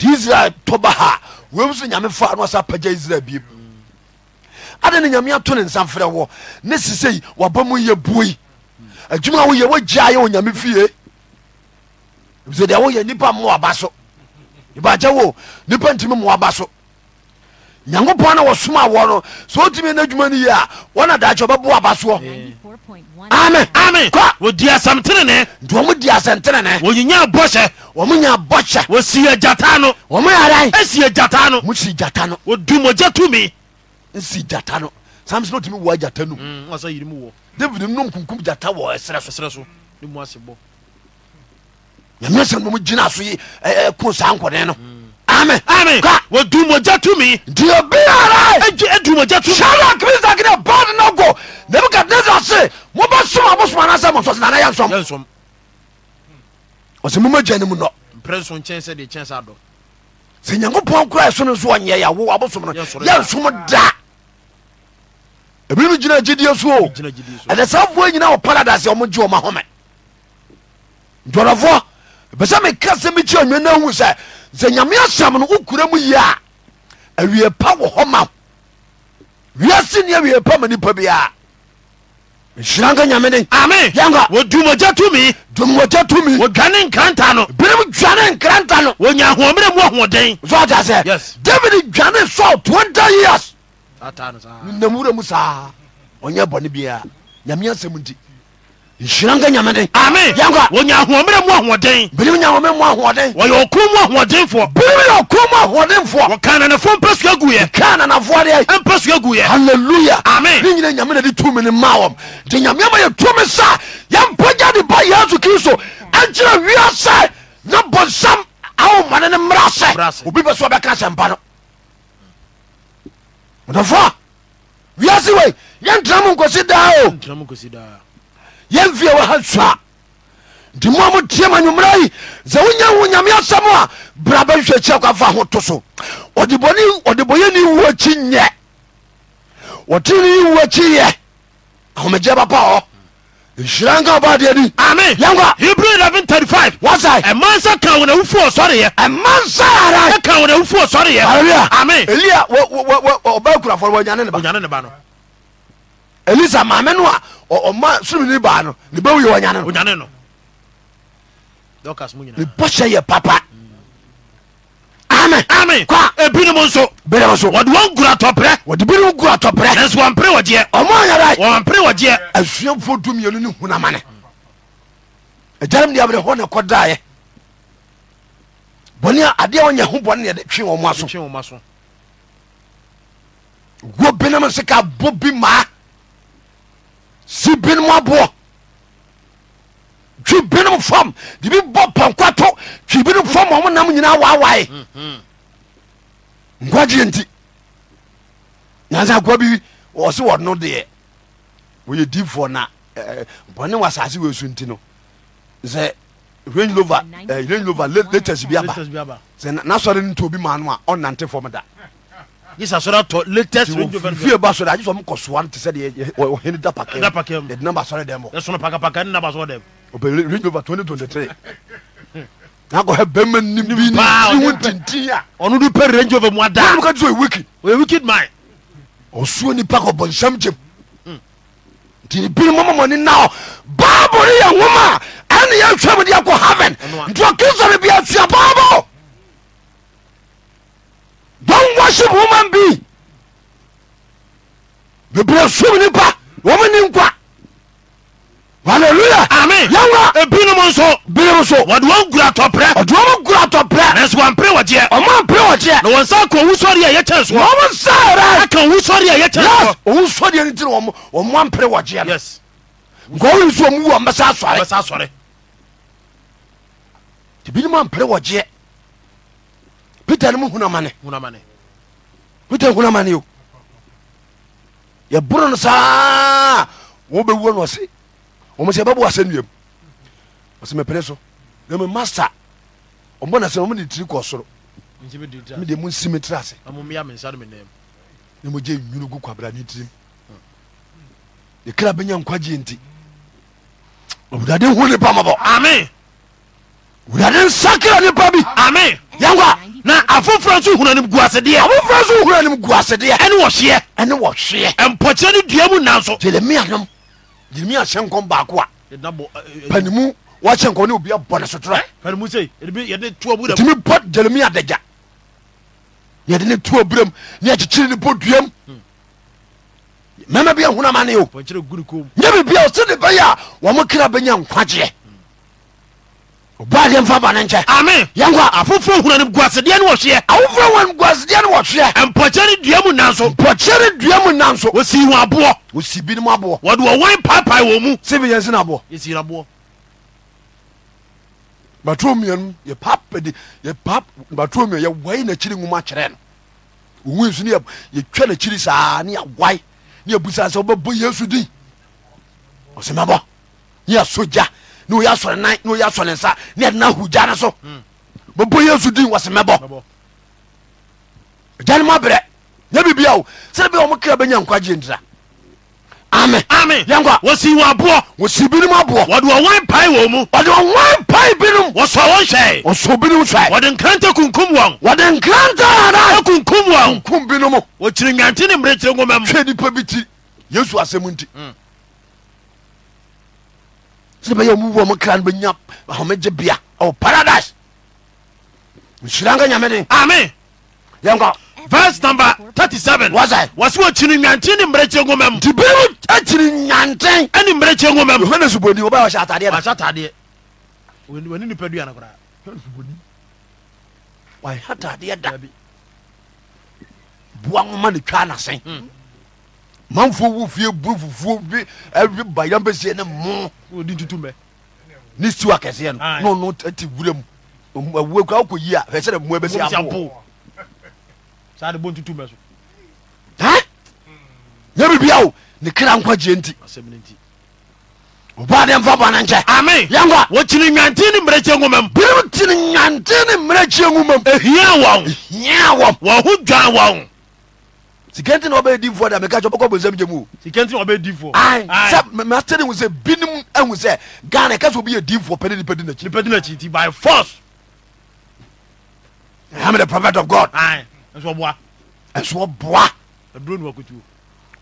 israel tɔba ha wem so nyame fa no asa pagya israel biem ade ne nyame ato ne nsa frɛ wɔ ne sisei waba mu yɛ buoi adwuma a woyɛ wogyaa yɛ wɔ nyame fie ebisɛ deɛ woyɛ nipa mmoaba so ibagya wo nipa ntimi mmoaba so nyankopɔn na wɔsoma wɔ no sɛ otumi no adwuma no yi a wɔna daakye ɔbɛboa aba soɔ amen amen kɔ wɔdi asɛm tenene nti wɔn di asɛm tenene wɔnyinya bɔhyɛ wɔn nya bɔhyɛ wɔsi agyata no wɔn yɛ adan esi agyata no wɔn si gyata no wɔdumɔgya tumi nsi gyata no samson otumi wɔ agyata no mm, wɔsɛ yiri mu wɔ david nnum kunkum gyata wɔ ɛsrɛ so ɛsrɛ ne sɛ wɔn gyina so yi ɛɛ saa nkɔden no. Mm amen amen ka wɔdu mogya tumi nti obiara adu mogya tumi sara krista kene bɔne no go nebukadnezar se mobɛsom a mosom anasɛ mosɔtenana yɛ nsom ɔsɛ hmm. momagya no mu nɔ sɛ nyankopɔn kora ɛso no so ɔnyɛ yɛwo abosom no yɛnsom da ebinom gyina gyidie so o ɛdɛ sɛ foɔ nyina wɔ paradise ɔmogye ɔma home ntɔrɔfoɔ ɛpɛ sɛ meka sɛ mekyi anwa no ahu sɛ sɛ nyame asɛm no wokura mu yie a awie pa wɔ hɔ ma wiase ne awie pa ma nipa biaa nhyira nka nyame den ame yɛnka wɔdumogya tumi dumogya tumi wɔdwane nkranta no binom dwane nkranta no wɔnya ahoɔmerɛ mu ahoɔden sɛ sɛ david dwane saul 20 years namwura mu saa ɔnyɛ biya, biaa nyame asɛm nti nhyira nka nyame den ame yanka wɔnya ahoɔmerɛ mu ahoɔden binom nyahome mu ahoɔden wɔyɛ ɔko mu ahoɔdenfoɔ binom yɛ ɔko mu ahoɔdenfoɔ wɔka nanafoɔ mpa sua guyɛ ka nanafoɔ deɛ mpa sua guyɛ halleluya ame ne nyina nyame na de tumi ne ma wɔm nti nyame ama yɛ tumi sa yɛmpagya de ba yesu kristo ɛnkyerɛ wiasɛ na bɔnsam awomane ne mmara sɛ obi bɛ so bɛka sɛ mpa no ɔdɔfoɔ wiase wei yɛntram nkosi daa o ywhasua d mm tiama orai s woyawo yame sɛma braba cikafaho toso de boyen wki yɛ t n w kiye hoeye papa sirakabadaaka elisa maame no a ɔma soromini baa no ne bɛwu yɛ ɔnyane none bɔhyɛ yɛ papa ame kɔ ebinom nso binom nso wɔde wɔn gura tɔpɛrɛ wɔde binom gura tɔpɛrɛ nanso wɔn pere wɔ deɛ ɔmo anyara yi wɔn pere wɔ deɛ asuafoɔ du mmienu ne hunamane agyanom deɛ abɛrɛ hɔ na ɛkɔ daeɛ bɔne a adeɛ wɔnyɛ ho bɔne yɛde twe wɔn mo aso wo binom nso ka bo bi maa si binom aboɔ twi binom fam debi bɔ pɔnkwa to twi binom fam ɔmo nam nyinaa waawae nkwagyeɛ nti nansa akoa bi wɔ se wɔno deɛ wɔyɛ difoɔ na bɔne wɔ asase wɔ su nti no sɛ range rover range rover latest bi aba sɛ n'asɔre no nti obi maa no a ɔnante fam da yesu asɔre atɔ latest fie eh, eh, ba sɔre agye sɛ ɔmo kɔ soa no te sɛ deɛ ɔhene da Da pakɛm. pakɛde namba asɔre dɛm hɔ ɛsono pakapaka ne naba sɔ dɛm ɔbɛ range rover 2023 na akɔhɛ bɛma nim bi ne Paa, ho ɔde ntintin a ɔno do pɛ range over mu ada ɔnom ka te sɛ ɔwiki ɔyɛ wicked man ɔsuo nipa kɔ bɔnsɛm gyem nti binom mamamɔne na hɔ bible no yɛ nwoma a ɛne yɛhwɛ mu de akɔ heaven Ɛno a. nti ɔkristo no bia sua bible don't worship woman bi bebree sum nipa wɔn ni nkwa hallelujah amen yawa ebinom nso binom nso wɔde wɔn gura tɔpɛrɛ wɔde wɔn gura tɔpɛrɛ nanso wɔn mpere wɔ jeɛ wɔn mpere wɔ jeɛ na wɔn nsa kɔ owu sɔre a yɛ kyɛn so wɔn nsa yɛrɛ aka owu sɔre a yɛ kyɛn so yes owu sɔre ni ti na wɔn wɔn mɔ mpere wɔ jeɛ yes nkɔwé nso wɔn mu wɔ mbɛsa asɔre mbɛsa asɔre ebinom mpere wɔ jeɛ peter mu hunamane peter hunamane o yɛboro no saa wɔn bɛwua no ɔse wɔn sɛ ɛbɛbɔ asɛ nnuam ɔsɛ mɛpere so na mɛ masa ɔmbɔ na wɔn de tiri kɔ soro mi de mu nsi mi tiri ase na mo gye nwunu gu kwabra ne tirim ekira bɛnya nkwagye nti ɔbɛdade hu ne pamabɔ amen wurade nsakra nipa bi ame yɛnkwa na afoforɔ nso hunu anim guasedeɛ afoforɔ nso hunu anim guasedeɛ ɛne wɔhyeɛ ɛne wɔhyeɛ mpɔkyerɛ no dua mu nanso jeremia nom jeremia hyɛ nkɔm baako a panimu wahyɛ nkɔm ne obi abɔ ne sotorɔ tumi bɔ jeremia dagya yɛde ne tuo berɛm ne akyekyere ne bɔ duam mɛma bi ahuna ma ne o nyɛ bibia ɔsede bɛyɛ a wɔmo kra bɛnya nkwagyeɛ bade mfa bane nkyɛ ame yɛnkɔ afoforo huna no guasedeɛ ne wɔhweɛ awoforo wan guasedeɛ ne wɔhweɛ mpɔkyɛ ne dua mu nanso mpɔkyɛ ne dua mu nanso wɔsii ho aboɔ wɔsi binom aboɔ wɔde wɔwan paapae wɔ mu sɛ bɛyɛ si no aboɔ yɛsiri aboɔ batoro mmienu yɛpapɛde yɛpa batoro mmienu yɛwae n'akyiri nwoma kyerɛ no owu nso ne yɛtwa n'akyiri saa ne yɛwae ne yɛbusa sɛ wobɛbɔ yesu din ɔsɛ mɛbɔ ne yɛsogya ne oyɛ asɔre nan ne oyɛ asɔre nsa ne yɛde no ahogya no so bɛbɔ yesu din wɔse mɛbɔ agya no mabrɛ nyɛ biribia o sɛde bia ɔmo kra bɛnya nkwagye ntira amen amen yɛnkwa wɔsi wɔ aboɔ wɔsi binom aboɔ wɔde ɔwan pae wɔ mu wɔde ɔwan pae binom wɔsɔ wɔn hwɛe wɔsɔ binom hwɛe wɔde nkranta kunkum wɔn wɔde nkranta ara kunkum wɔn kunkum binom wɔkyiri nyante ne mmerɛkyerɛ ngoma mu hwɛ nipa bi ti yesu asɛm nti mm sɛ bɛyɛ ɔmuwu ɔmo kra no bɛnya ahomegye bea ɔwɔ paradise nhyira nka nyame den ame yɛnkɔ verse number 37 wɔsɛ wɔse wɔkyiri nyanten ne mmerɛkyerɛ ngoma mu nti binom akyiri nyanten ɛne mmerɛkyerɛ ngoma mu yohane subɔdi wɔbɛyɛ wɔhyɛ atadeɛ wahyɛ atadeɛ wɔne nipa dua no koraa yohane subɔdi wɔhyɛ atadeɛ da boa nwoma ne twa anasen hmm manfo wo fie bu fufuo bi ɛwi bayam bɛsie ne mo odi ntutu mɛ ne siw akɛseɛ no na ɔno ti wura mu awuo eh, kura ɔkɔ yi a fɛsɛ dɛ mua bɛsi abo saa de bɔ ntutu mɛ so hɛn nyɛ bibi awo ne kira nkwa gye nti ɔbaade nfa bɔ ne nkyɛn ami yankwa wɔkyini nyantin ni mmerɛkyɛ nwoma mu birimu tini nyantin ni mmerɛkyɛ nwoma mu ehia wɔn ehia wɔn wɔn ho dwan wɔn sika nti na ɔbɛyɛ difoɔ de ameka kyɛ ɔbɛkɔ bonsam gye mu sika nti na ɔbɛyɛ difoɔ sɛ matere hu sɛ binom ahu sɛ ghana ɛka sɛ obi yɛ difoɔ pɛ ne nipa di nakyi nipa di nakyi nti by force i am the prophet of god ɛso ɔboa ɛso ɔboa ɛduro nu akutuo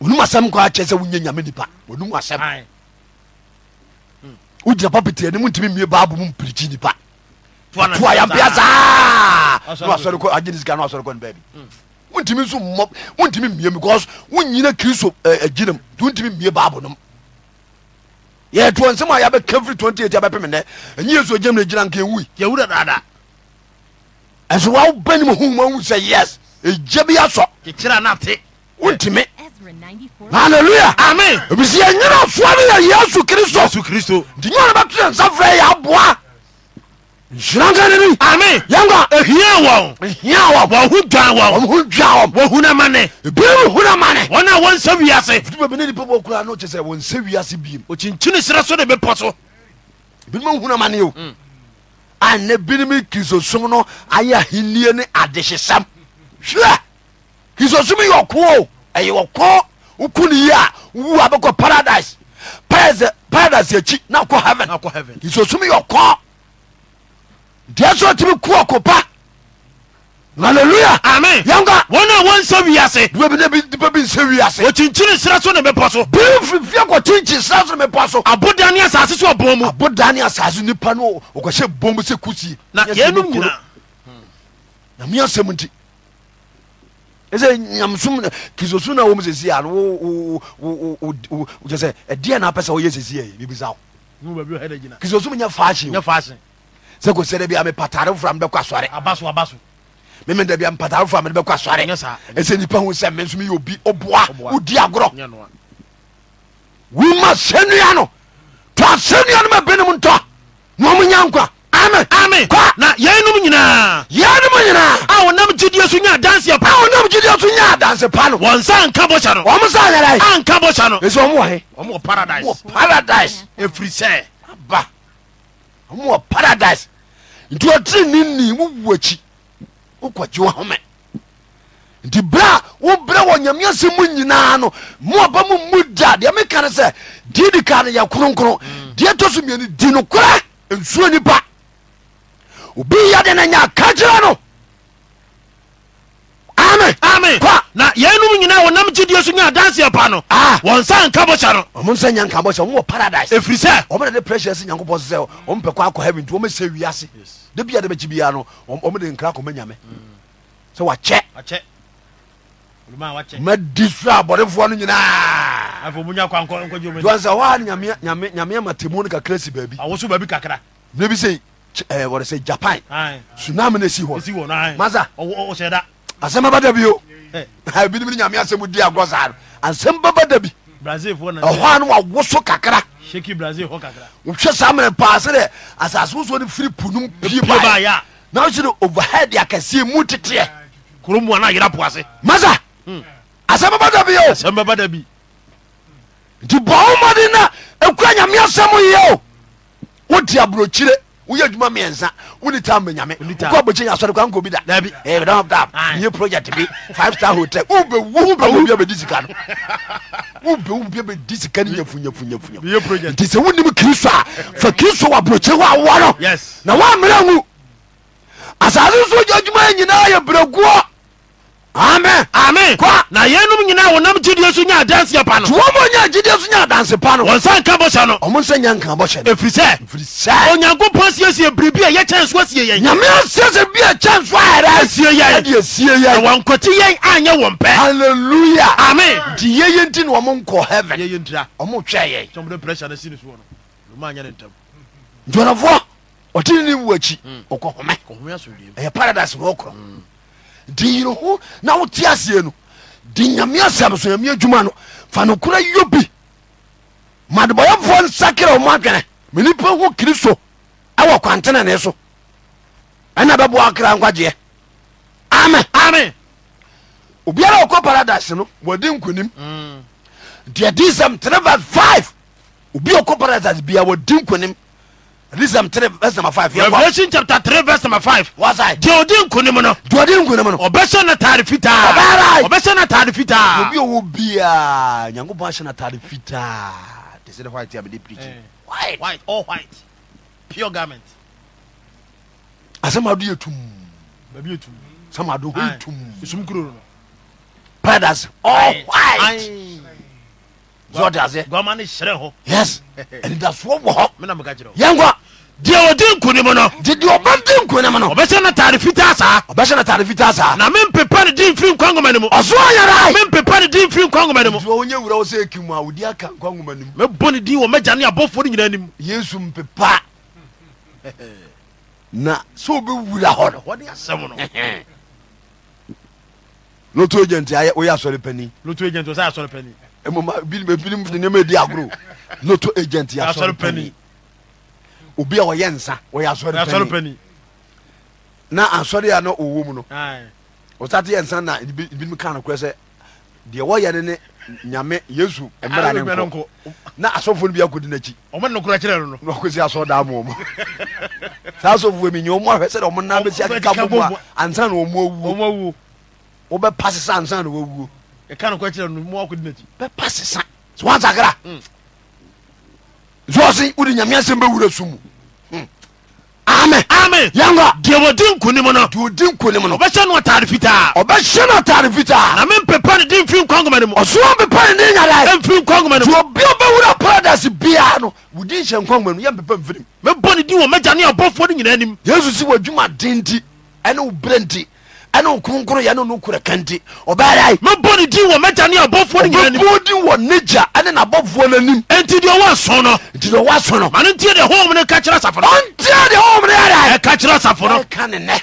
onum asɛm kɔ akyɛ sɛ wonyɛ nyame nipa onum asɛm wogyina hmm. papete anim ntimi mmie baabu mu mpirikyi nipa toa yɛmpea saa na wasɔre kɔ agye ne sika na wasɔre kɔ ne baabi hmm wontimi nso mmɔ wontimi mmie because wonyina kristo agyinam nti wontimi mmie bible nom yɛtoɔ nsɛm a yɛbɛka firi 28 abɛpeme nɛ ɛnye yesu agyam no agyina nka ɛwui yɛwura daada ɛnso wawo bani mu hohoma wu sɛ yes ɛgya bi asɔ kyekyerɛ na te wontimi halleluya amen ebisi yɛnyina soa no yɛ yesu kristo nti nyɛ ne bɛto yɛ nsa frɛ yɛ nsirankanini. ami yanga ehiya wɔn. ehiya wɔn. wɔn ho dwan wɔn. wɔn ho dwan wɔn. wɔn huna mane. ebinom huna mane. wɔn a wɔn nsa wiase. fituma bi ne nipa bɔ kura n'o cɛ wɔn nsa wiase biem. o kyinkyin sira so de bɛ pɔ so. ebinom huna mane o. Mm. ana ebinom kirisosum no ayɛ ahinie ne adehyesam. hwɛ kirisosum yɛ ɔko o ɛyɛ ɔko oku ni yi a wu abɛkɔ paradise paradise yɛ akyi na heaven. na heaven. kirisosum yɛ ɔko deɛ so timi kuo kopa alleluya amen yɛnka wɔn a wɔnsɛ wiase nipa bi nsɛ wiase chinchini serɛ so ne mepɔ so bifia kɔkyinkyin serɛ so ne mepɔ so aboda ne asase so ɔbɔn mu aboda ne asase nipa no ɔkɔhyɛ bɔn mu sɛ kusie na yɛnom nyina hmm. nyame asɛm nti ɛsɛ nyamsom kisosu na wɔm sɛsia no kyɛ sɛ ɛdeɛ na apɛ sɛ woyɛ sɛsia bibisa wo kisosum nyɛ fashion sɛ kò sɛ dɛ bi a mepatare fura asɔre abaso abaso mímí dɛ bi a mepatare fura mi bɛ kɔ asɔre ɛsɛ nipa ho sɛ mɛnso mi yɛ obi ɔboa odi agorɔ wuma sɛnua no to asɛnua no ma binom ntɔ na ɔmo nya nkwa ami ami na yɛnum nyinaa yɛnum nyinaa a wɔnam jidie so nya adanseɛ pa a wɔnam jidie so nya adanse pa no wɔn nsa nka bɔhyɛ no wɔn nsa yɛrɛ yi bɔhyɛ no esi wɔn wɔ he wɔn wɔ paradise paradise efiri sɛ aba ɔmowɔ paradise nti ɔtere ne ni wowu akyi wokɔgye wo home nti berɛ a wobrɛ wɔ nyameɛ sɛ mu nyinaa no moaba mu mu da deɛ meka ne sɛ deɛ di ka no yɛ kronkron mm. deɛ tɔ so mmienu di no korɛ nsuo nipa obi yɛ de no nya ka kyerɛ no amen amen kɔ na yɛnum nyinaa wɔnam gyidiɛ so nya adanseɛ pa no wɔn nsa nka bɔhyɛ no ɔmo nsa nya nka bɔhyɛ ɔmo wɔ paradise ɛfiri sɛ ɔmo na de pressure si nyankopɔn sɛ ɔmo pɛ kɔ akɔ heaven nti ɔmo sɛ wiase de bia de bɛkyi biara no ɔmo de nkra kɔma nyame sɛ wakyɛ madi so abɔdefoɔ no nyinaaduansɛ hɔ a ne nyameɛ matemu no kakra si baabi mmerɛ bi sɛ eh, wɔde sɛ japan tsunami no si hɔ masa asɛm bɛbɛda bi o eh. binom no nyame asɛm di agɔ saa no asɛm bɛbɛda bi ɛhɔ no wawoso kakra wohwɛ saa mmerɛ paa sɛ dɛ asase wosoɔ no firi po nom pie ba na wosi no overhead akɛseɛ mu teteɛ kuromu ana yera po ase masa hmm. asɛm bɛbɛda bi o asɛm bɛbɛda bi nti bɔ wo mmɔden na ɛkura nyame asɛm yɛ o wodi aburokyire woyɛ adwuma miɛnsa wone tam ma nyame wokɔ bɔkye asɔre kwa nkɔ bi da nyɛ project bi five star hotel wobɛwubia bɛdi sika no wobɛwubia bɛdi sika no nyafunyafunyafunyanti sɛ wonim kristo a fa kristo wɔ aborɔkye hɔ awa no na woammera ngu asase so gya adwuma nyinaa yɛ berɛguɔ amen amen Kwa na yɛnom nyinaa wɔnam gyidiɛ so nya adanseɛ pa no wɔn mo nya gyidiɛ so nya adanse pa no wɔn nsa nka bɔhyɛ no wɔn nsa nya nka bɔhyɛ no efiri sɛ efiri sɛ onyankopɔn siesie biribi a yɛkyɛn so asie yɛn nyame asiesie bi a kyɛn so a yɛrɛ asie yɛn ɛdi asie yɛn na wɔn nkɔti yɛn anyɛ wɔn hallelujah amen di yɛyɛ nti na wɔn nkɔ heaven yɛyɛ ntira wɔn twɛ yɛn tɔmɔdé pressure ne si ne so wɔ no ntɔnafo ɔtí ni wu akyi mm. ɔkɔ home ɛyɛ paradise na ɔkorɔ di yere ho na wote aseɛ no de nyame asɛm so nyame adwuma no fa nokora yɔ bi madebɔyɛfoɔ nsakra wɔ mo adwene menipa ho kristo ɛwɔ kwantenene so ɛna bɛboa kra nkwagyeɛ amen amen obiara ɔkɔ paradise no wɔde nkonim mm. deɛ di sɛm 3 5 obi ɔkɔ paradise bia wɔde nkonim revelation 3 verse number 5 revelation chapter three, verse number five. wasa deɛ ɔdi nkonim no deɛ ɔdi nkonim no ɔbɛhyɛ no atare fitaa ɔbɛra ɔbɛhyɛ no atare fitaa obi ɔwɔ bia nyankopɔn ahyɛ no atare fitaa te sɛ white a mede preach eh, white white all white pure garment asɛm ado yɛ tum baabi yɛ tum sɛm ado hɔ yɛ tum all white zɔɔte aseɛ gɔma ne hyerɛ hɔ yes anidasoɔ wɔ hɔ yɛnkɔ deɛ ɔdi nkonim no dedeɛ ɔba di nkonim no ɔbɛhyɛ no tare fitaa saa ɔbɛhyɛ no tare fitaa saa na mempepa no din firi nkwankoma no mu ɔso ayɛra mempepa no din firi nkwankoma no mu ɔnyɛ wura wo sɛ mu a wodi aka nkwankoma no mu mɛbɔ ne din wɔ mɛgya ne abɔfoɔ no nyinaa anim yesu mpepa na sɛ wobɛwura hɔ no hɔde asɛm no loto agent woyɛ asɔre pani loto agent sɛ asɔre pani binom nneɛma ɛdi agoro loto agent yɛ asɔrepani obi a wɔyɛ nsa wɔyɛ asɔrepani na asɔre a na ɔwɔ mu no ɔsate yɛ nsa na binom ka no korɛ sɛ deɛ wɔyɛ ne ne nyame yesu mmara ne nkɔ na asɔfoɔ no bi akɔdi n'akyi ɔmo ne nokora kyerɛ no no ɔkɔsi asɔ daa mu ɔmo saa asɔfoɔ mi nyɛ ɔmo ahwɛ sɛ ɔmo nan bɛsi akeka bɔ mu a ansa na ɔmo awuo wobɛpa sesa ansa na wɔawuo ɛka no kɔkyerɛ no mu akɔdi n'akyi bɛpa sesa sɛ woansakra mm. sɛ ɔse wode nyame asɛm bɛwura so mu mm. amen amen yanga deɛ wɔdi nkonim no deɛ ɔdi nkonim no ɔbɛhyɛ no ɔtare fitaa ɔbɛhyɛ no ɔtare fitaa na mempepa ne de mfiri nkɔngoma no mu ɔsoa obi ɔbɛwura paradise biaa no wodi nhyɛ nkɔngoma no yɛmpepa mfirim mebɔ ne din wɔ mɛgya ne abɔfoɔ no nyinaa ɛne nkronkron yɛ ne no kura kanti ɔbɛdai mɛbɔ ne din wɔ mɛgya ne abɔfoɔ no nyinanim ɔbɛbɔ din wɔ n'agya ɛne n'abɔfoɔ no anim enti deɛ ɔwɔ aso no nti deɛ ɔwɔ aso no ma no ntie deɛ hɔhom no ka kyerɛ asafo no ɔntie deɛ hɔhom no yɛdae ɛka kyerɛ asafo no ɛka ne nɛ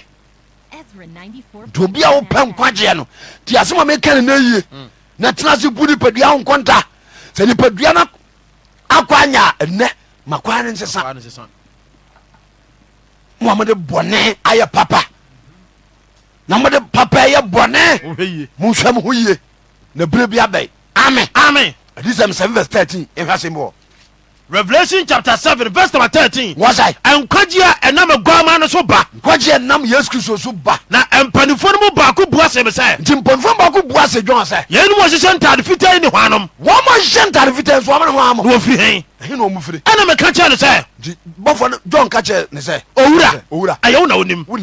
nti obi a wopɛ nkwagyeɛ no nti asɛm a meka ne nɛ yie na tena se bu nipadua ho nkɔnta sɛ nipadua no akɔ anya ɛnɛ makwaa ne nsesa mo a mode bɔne ayɛ papa na mode papa yɛ bɔne monhwɛ mo ho yie na bere bi abɛi ame ame adisɛm 7 vs 13 ɛhwɛ asɛm revelation chapter seven, verse number thirteen. wɔsae nkwagye a ɛnam aguama no so ba nkwagye a ɛnam yesu kristo so ba na mpanimfoɔ no mu baako bua sɛ me sɛ nti mpanimfoɔ no baako bua sɛ dwon sɛ yɛnom wɔhyehyɛ ntade fitai ne hwanom wɔma hyehyɛ ntade fitai so wɔmene hwaa mo na wɔfiri hɛn ɛhe na ɔmufiri ɛna meka kyerɛ no sɛ nti bɔfoɔ no john sɛ owura owura ɛyɛ wo na wonim wo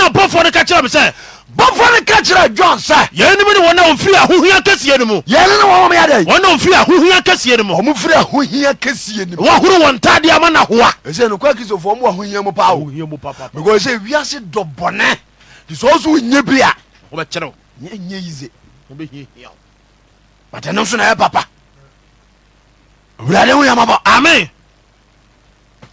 ɛna bɔfoɔ no ka kyerɛ me sɛ bɔfoɔ no ka kyerɛ john sɛ yɛnom ne wɔn a ɔmfiri ahohia kɛsie no mu yɛne ne wɔwɔ yɛdɛ wɔn a ɔmfiri ahohia kɛsie no mu ɔmo firi ahohia kɛsie no mu wɔahoro wɔn ntadeɛ ama na hoa ɛsɛ nokora kristofoɔ mo ahohia mu paa o because sɛ wiase dɔ bɔne nti sɛ ɔso wonya bi a wobɛkyerɛ wo nyɛ yize but ɛno nso na ɛyɛ papa awurade ho yamabɔ amen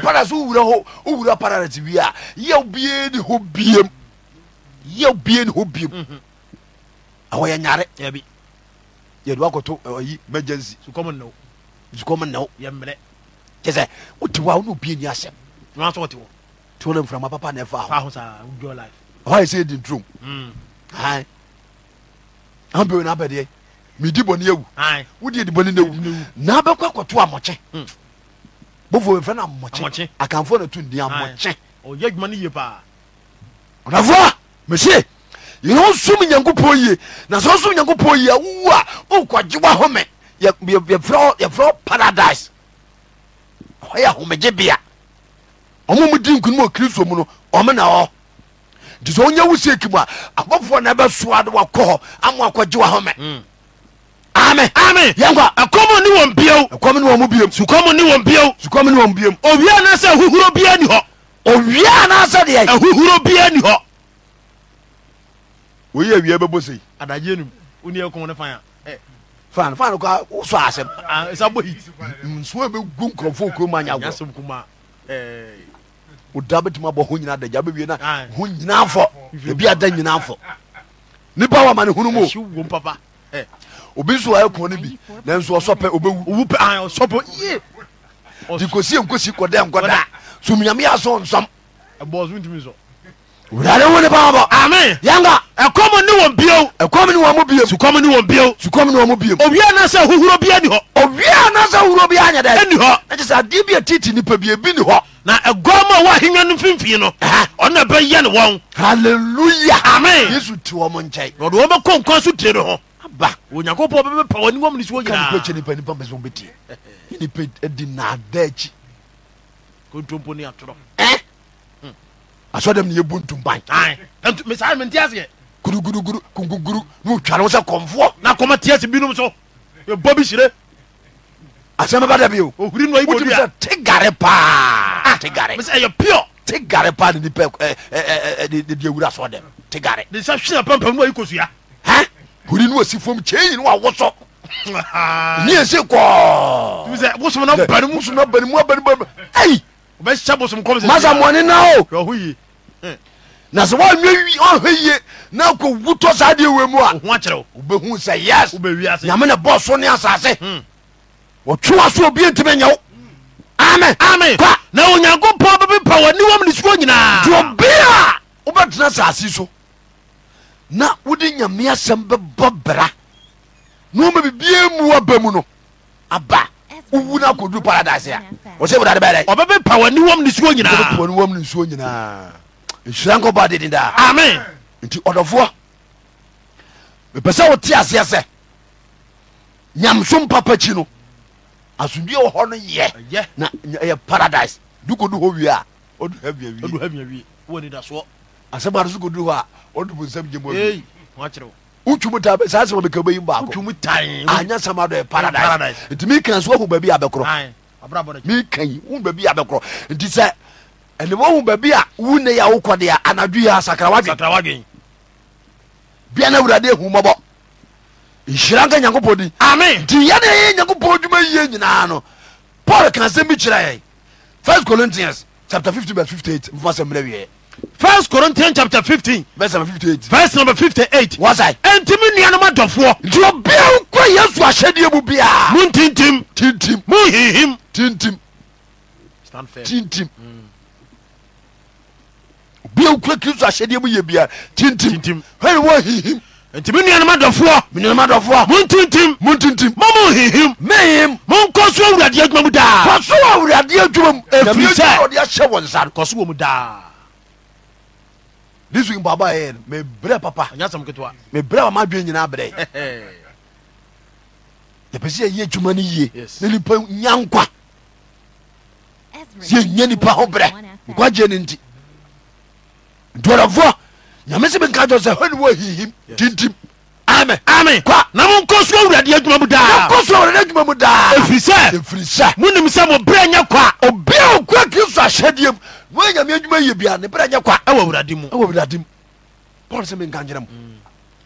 paradise wowura hɔ wowura paradise wie a yɛw bie ne hɔ biem yɛw bie ne hɔ biem mhm. ɛwɔ yɛ nyare yɛde wakɔto ayi eh, emergency sukɔm nnaw sukɔm nnaw yɛmmerɛ kyɛ sɛ wote hɔ a wo ne obie ni asɛm nti wɔne mframa papa mm. na ɛfa ho ɔhɔ yɛ sɛ yɛdi nturom ambɛwe na abɛdeɛ medi bɔne awu wode yɛdi bɔne no awu na bɛkɔ akɔto amɔkye bofo efra na mɔkye akanfo na tun di amɔkye. ɔyɛ adwuma ni yie paa. ɔnafo a mesie yɛn sum nyankopɔn yie na sɛ ɔsum nyankopɔn yie awu a ɔkɔgyewa home yɛfrɛ yɛfrɛ paradise ɔyɛ ahomegyebea ɔmo mu di nkunim wɔ kristo mu no ɔmo na ɔ nti sɛ ɔnyɛ wusie kim a abɔfoɔ na ɛbɛsoa de wakɔ hɔ ama akɔgyewa home. Mm amen amen yɛnkwa ɛkɔm ne wɔn biom ɛkɔm ne wɔn mu biom sukɔm ne wɔn biom sukɔm ne wɔn biom owia anasɛ ahuhuro bia ni hɔ owia anasɛ deɛ ahuhuro bia ni hɔ woyi awia bɛbɔ sei adagye num woni ɛkɔm ne fan a fan fan kɔ wosɔ asɛm ɛsɛ bɔ hit nsuo bɛ gu nkurɔfoɔ kuroma nya wɔ kuma woda bɛtumi abɔ ho nyina adagya bɛwie na ho nyina afɔ ebi ada nyina afɔ nipa wa ma ne hunu mu obi nso ayɛ kɔn no bi nanso ɔsɔpɛ obɛwu owu pɛ an ɔsɔpɛ yie di kosi nkosi kɔdɛ nkɔda suminyame asɔ nsɔm ɛbɔsum ntumi nsɔ wurade wo ne ba bɔ ami yanga ɛkɔm ni wɔn biew ɛkɔm ni wɔn biew sukɔm ni wɔn biew sukɔm ni wɔn biew owia nasa huhuro bia ni hɔ owia nasa huhuro bia ni dɛ ɛni hɔ ɛkyɛ sɛ adeɛ bi atiti nipa bi ebi ni hɔ na ɛgɔm a wɔ ahenya no mfimfini no ɔna bɛyɛ ne wɔn hallelujah ami yesu ti wɔn nkyɛn ɔde wɔn bɛ kɔ nkɔn so tire ne ho aba onyankopɔn bɛbɛpa wɔne wam ne so nyinaakyɛ nipa nipa mpɛ sɛ wɔbɛtie nipa adi naada akyi kontompo ne atorɔ asɔdɛm ne yɛbu ntumbanmesaa mente aseɛ guruguruguru kunguguru ne wotware wo sɛ kɔmfoɔ na kɔma tie ase binom so ɛbɔ bi hyire asɛm bɛba da bio ohuri no ayibɔ sɛ te gare paa ah, te gare mesɛ ɛyɛ pure te gare paa ne nipa de awura asɔdɛm te gare ne sɛ hwea pampam no ayi kɔsua honi ne wasi fam kyɛ nyine wawosɔ neɛ se kɔɔ bosom no bane mu bosom na bane mu abane bane ei wobɛhyɛ bosom kɔm masa mɔne na o ɔho yie na sɛ woanwa ɔhwɛ yie na kɔ wutɔ saa deɛ wɔ mu a ho akyerɛ wo wobɛhu sɛ yes nyame ne bɔ so ne asase hmm. wɔtwe wa so obi ntimi nyɛ wo amen amen na onyankopɔn bɛpepa w'aniwam ne suo nyinaa nti obi a wobɛtena asase so na wode nyamea sɛm bɛbɔ bra na woma bibia mu aba mu no aba wowu no akɔduru paradise a ɔsɛ wodade bɛdɛ ɔbɛbɛ pa waniwam ne suo nyinaawanwam ne suo nyinaa nhyira nkɔ ba deden daa amen nti ɔdɔfoɔ mepɛ sɛ wote aseɛ sɛ nyamso mpapa kyi no asomdue wɔ hɔ no yɛ na ɛyɛ paradise dukodu hɔ wie a ɔdu ha biawie asɛm ade so kɔduru hɔ a ɔde bu nsɛm gyemɔ wotwum ta saa sɛm meka bɛyi baakowotwum tae anyɛ sɛm adɔɛ paradise nti meka so wahu baabi abɛkorɔ meka yi wohu baabi abɛkorɔ nti sɛ ɛne wahu baabi a wone yɛ wokɔ de a anadwo yɛ sakrawadwen bia no awurade ahu mmɔbɔ nhyira nka nyankopɔn din amen nti yɛne ɛyɛ nyankopɔn adwuma yie nyinaa no paul ka asɛm bi kyerɛ yɛ 1 corinthians chapter 15 58 mfoma sɛ mmerɛ wieɛ first corinthians chapter fifteen verse number fifty eight verse number fifty eight wasa ɛntumi nuanum adɔfoɔ nti obiara nkɔ yesu ahyɛdeɛ mu biara mu ntintim tintim mu hinhim tintim tintim obiara nkɔ kristu ahyɛdeɛ mu yɛ biara tintim hɛn wɔ hinhim nti mi nuanum adɔfoɔ mi nuanum adɔfoɔ mu ntintim mu ntintim mo mu hinhim mehim mo nkɔ so awuradeɛ adwuma mu daa kɔ so awuradeɛ adwuma mu efirisɛ ɔde ahyɛ wɔn nsa kɔ this week mpaba yɛ eh, no mebrɛ papa mebrɛ mama adwene nyinaa brɛ yɛpɛ sɛ yɛyɛ adwuma no yie na nipa nya nkwa sɛ yɛnya nipa ho brɛ nkwagye no nti ntuadafoɔ nyame sɛ menka kyɛ sɛ hɔ ne wɔ hihim tintim amen amen kwa na mo nkɔ so awurade adwuma mu daa nkɔ so awurade adwuma mu daa ɛfiri sɛ ɛfiri sɛ monim sɛ mo berɛ nyɛ kwa obia okura kristo ahyɛdeɛ mu moa nyame adwuma yɛ bia ne berɛ nyɛ kwa ɛwɔ awurade mu ɛwɔ awurade mu paul sɛ menka nkyerɛ mu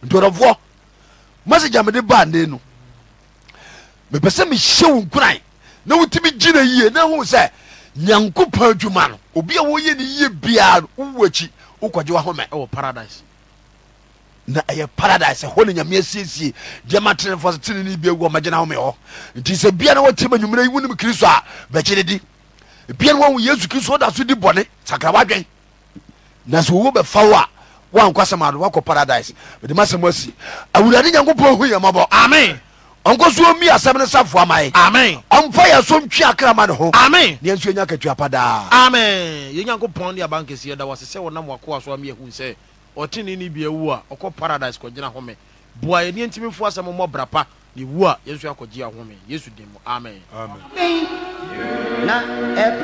ntɔrɔfoɔ message a mede baa nne no mepɛ sɛ mehyɛ wo nkuran na wotumi gyina yie na hu sɛ nyankopɔn adwuma no obi a wɔyɛ ne yie biaa no wowɔ akyi wokɔgye wahomɛ ɛwɔ paradise na ɛyɛ paradise ɛhɔ ne nyame asiesie deɛma tenefo so tene ne bia gu ɔmɛgyena home hɔ nti sɛ bia na watim anwumerɛ yi wonim kristo a bɛkye ne di bia no wahu yesu kristo woda so di bɔne sakra wadwen na sɛ wɔwo bɛfa wo a woankwasɛm ado woakɔ paradise mede masɛm asi awurade nyankopɔn hu yɛmɔbɔ amen ɔnkɔ so ɔmi asɛm no safoa ma yɛ amen ɔmfa yɛ so ntwe akrama ne ho amen ne yɛnso yɛnya akatua pa daa amen yɛ nyankopɔn ne abankɛsiɛ da wɔse sɛ wɔnam wakoa so ama yɛhu sɛ ɔtene ne bia wu a ɔkɔ paradise kɔgyina home boa yɛne ntimi mfo asɛm mmɔ bra pa ne wu a yɛsu akɔgye ahome yesu din amen, amen. amen. amen. Na,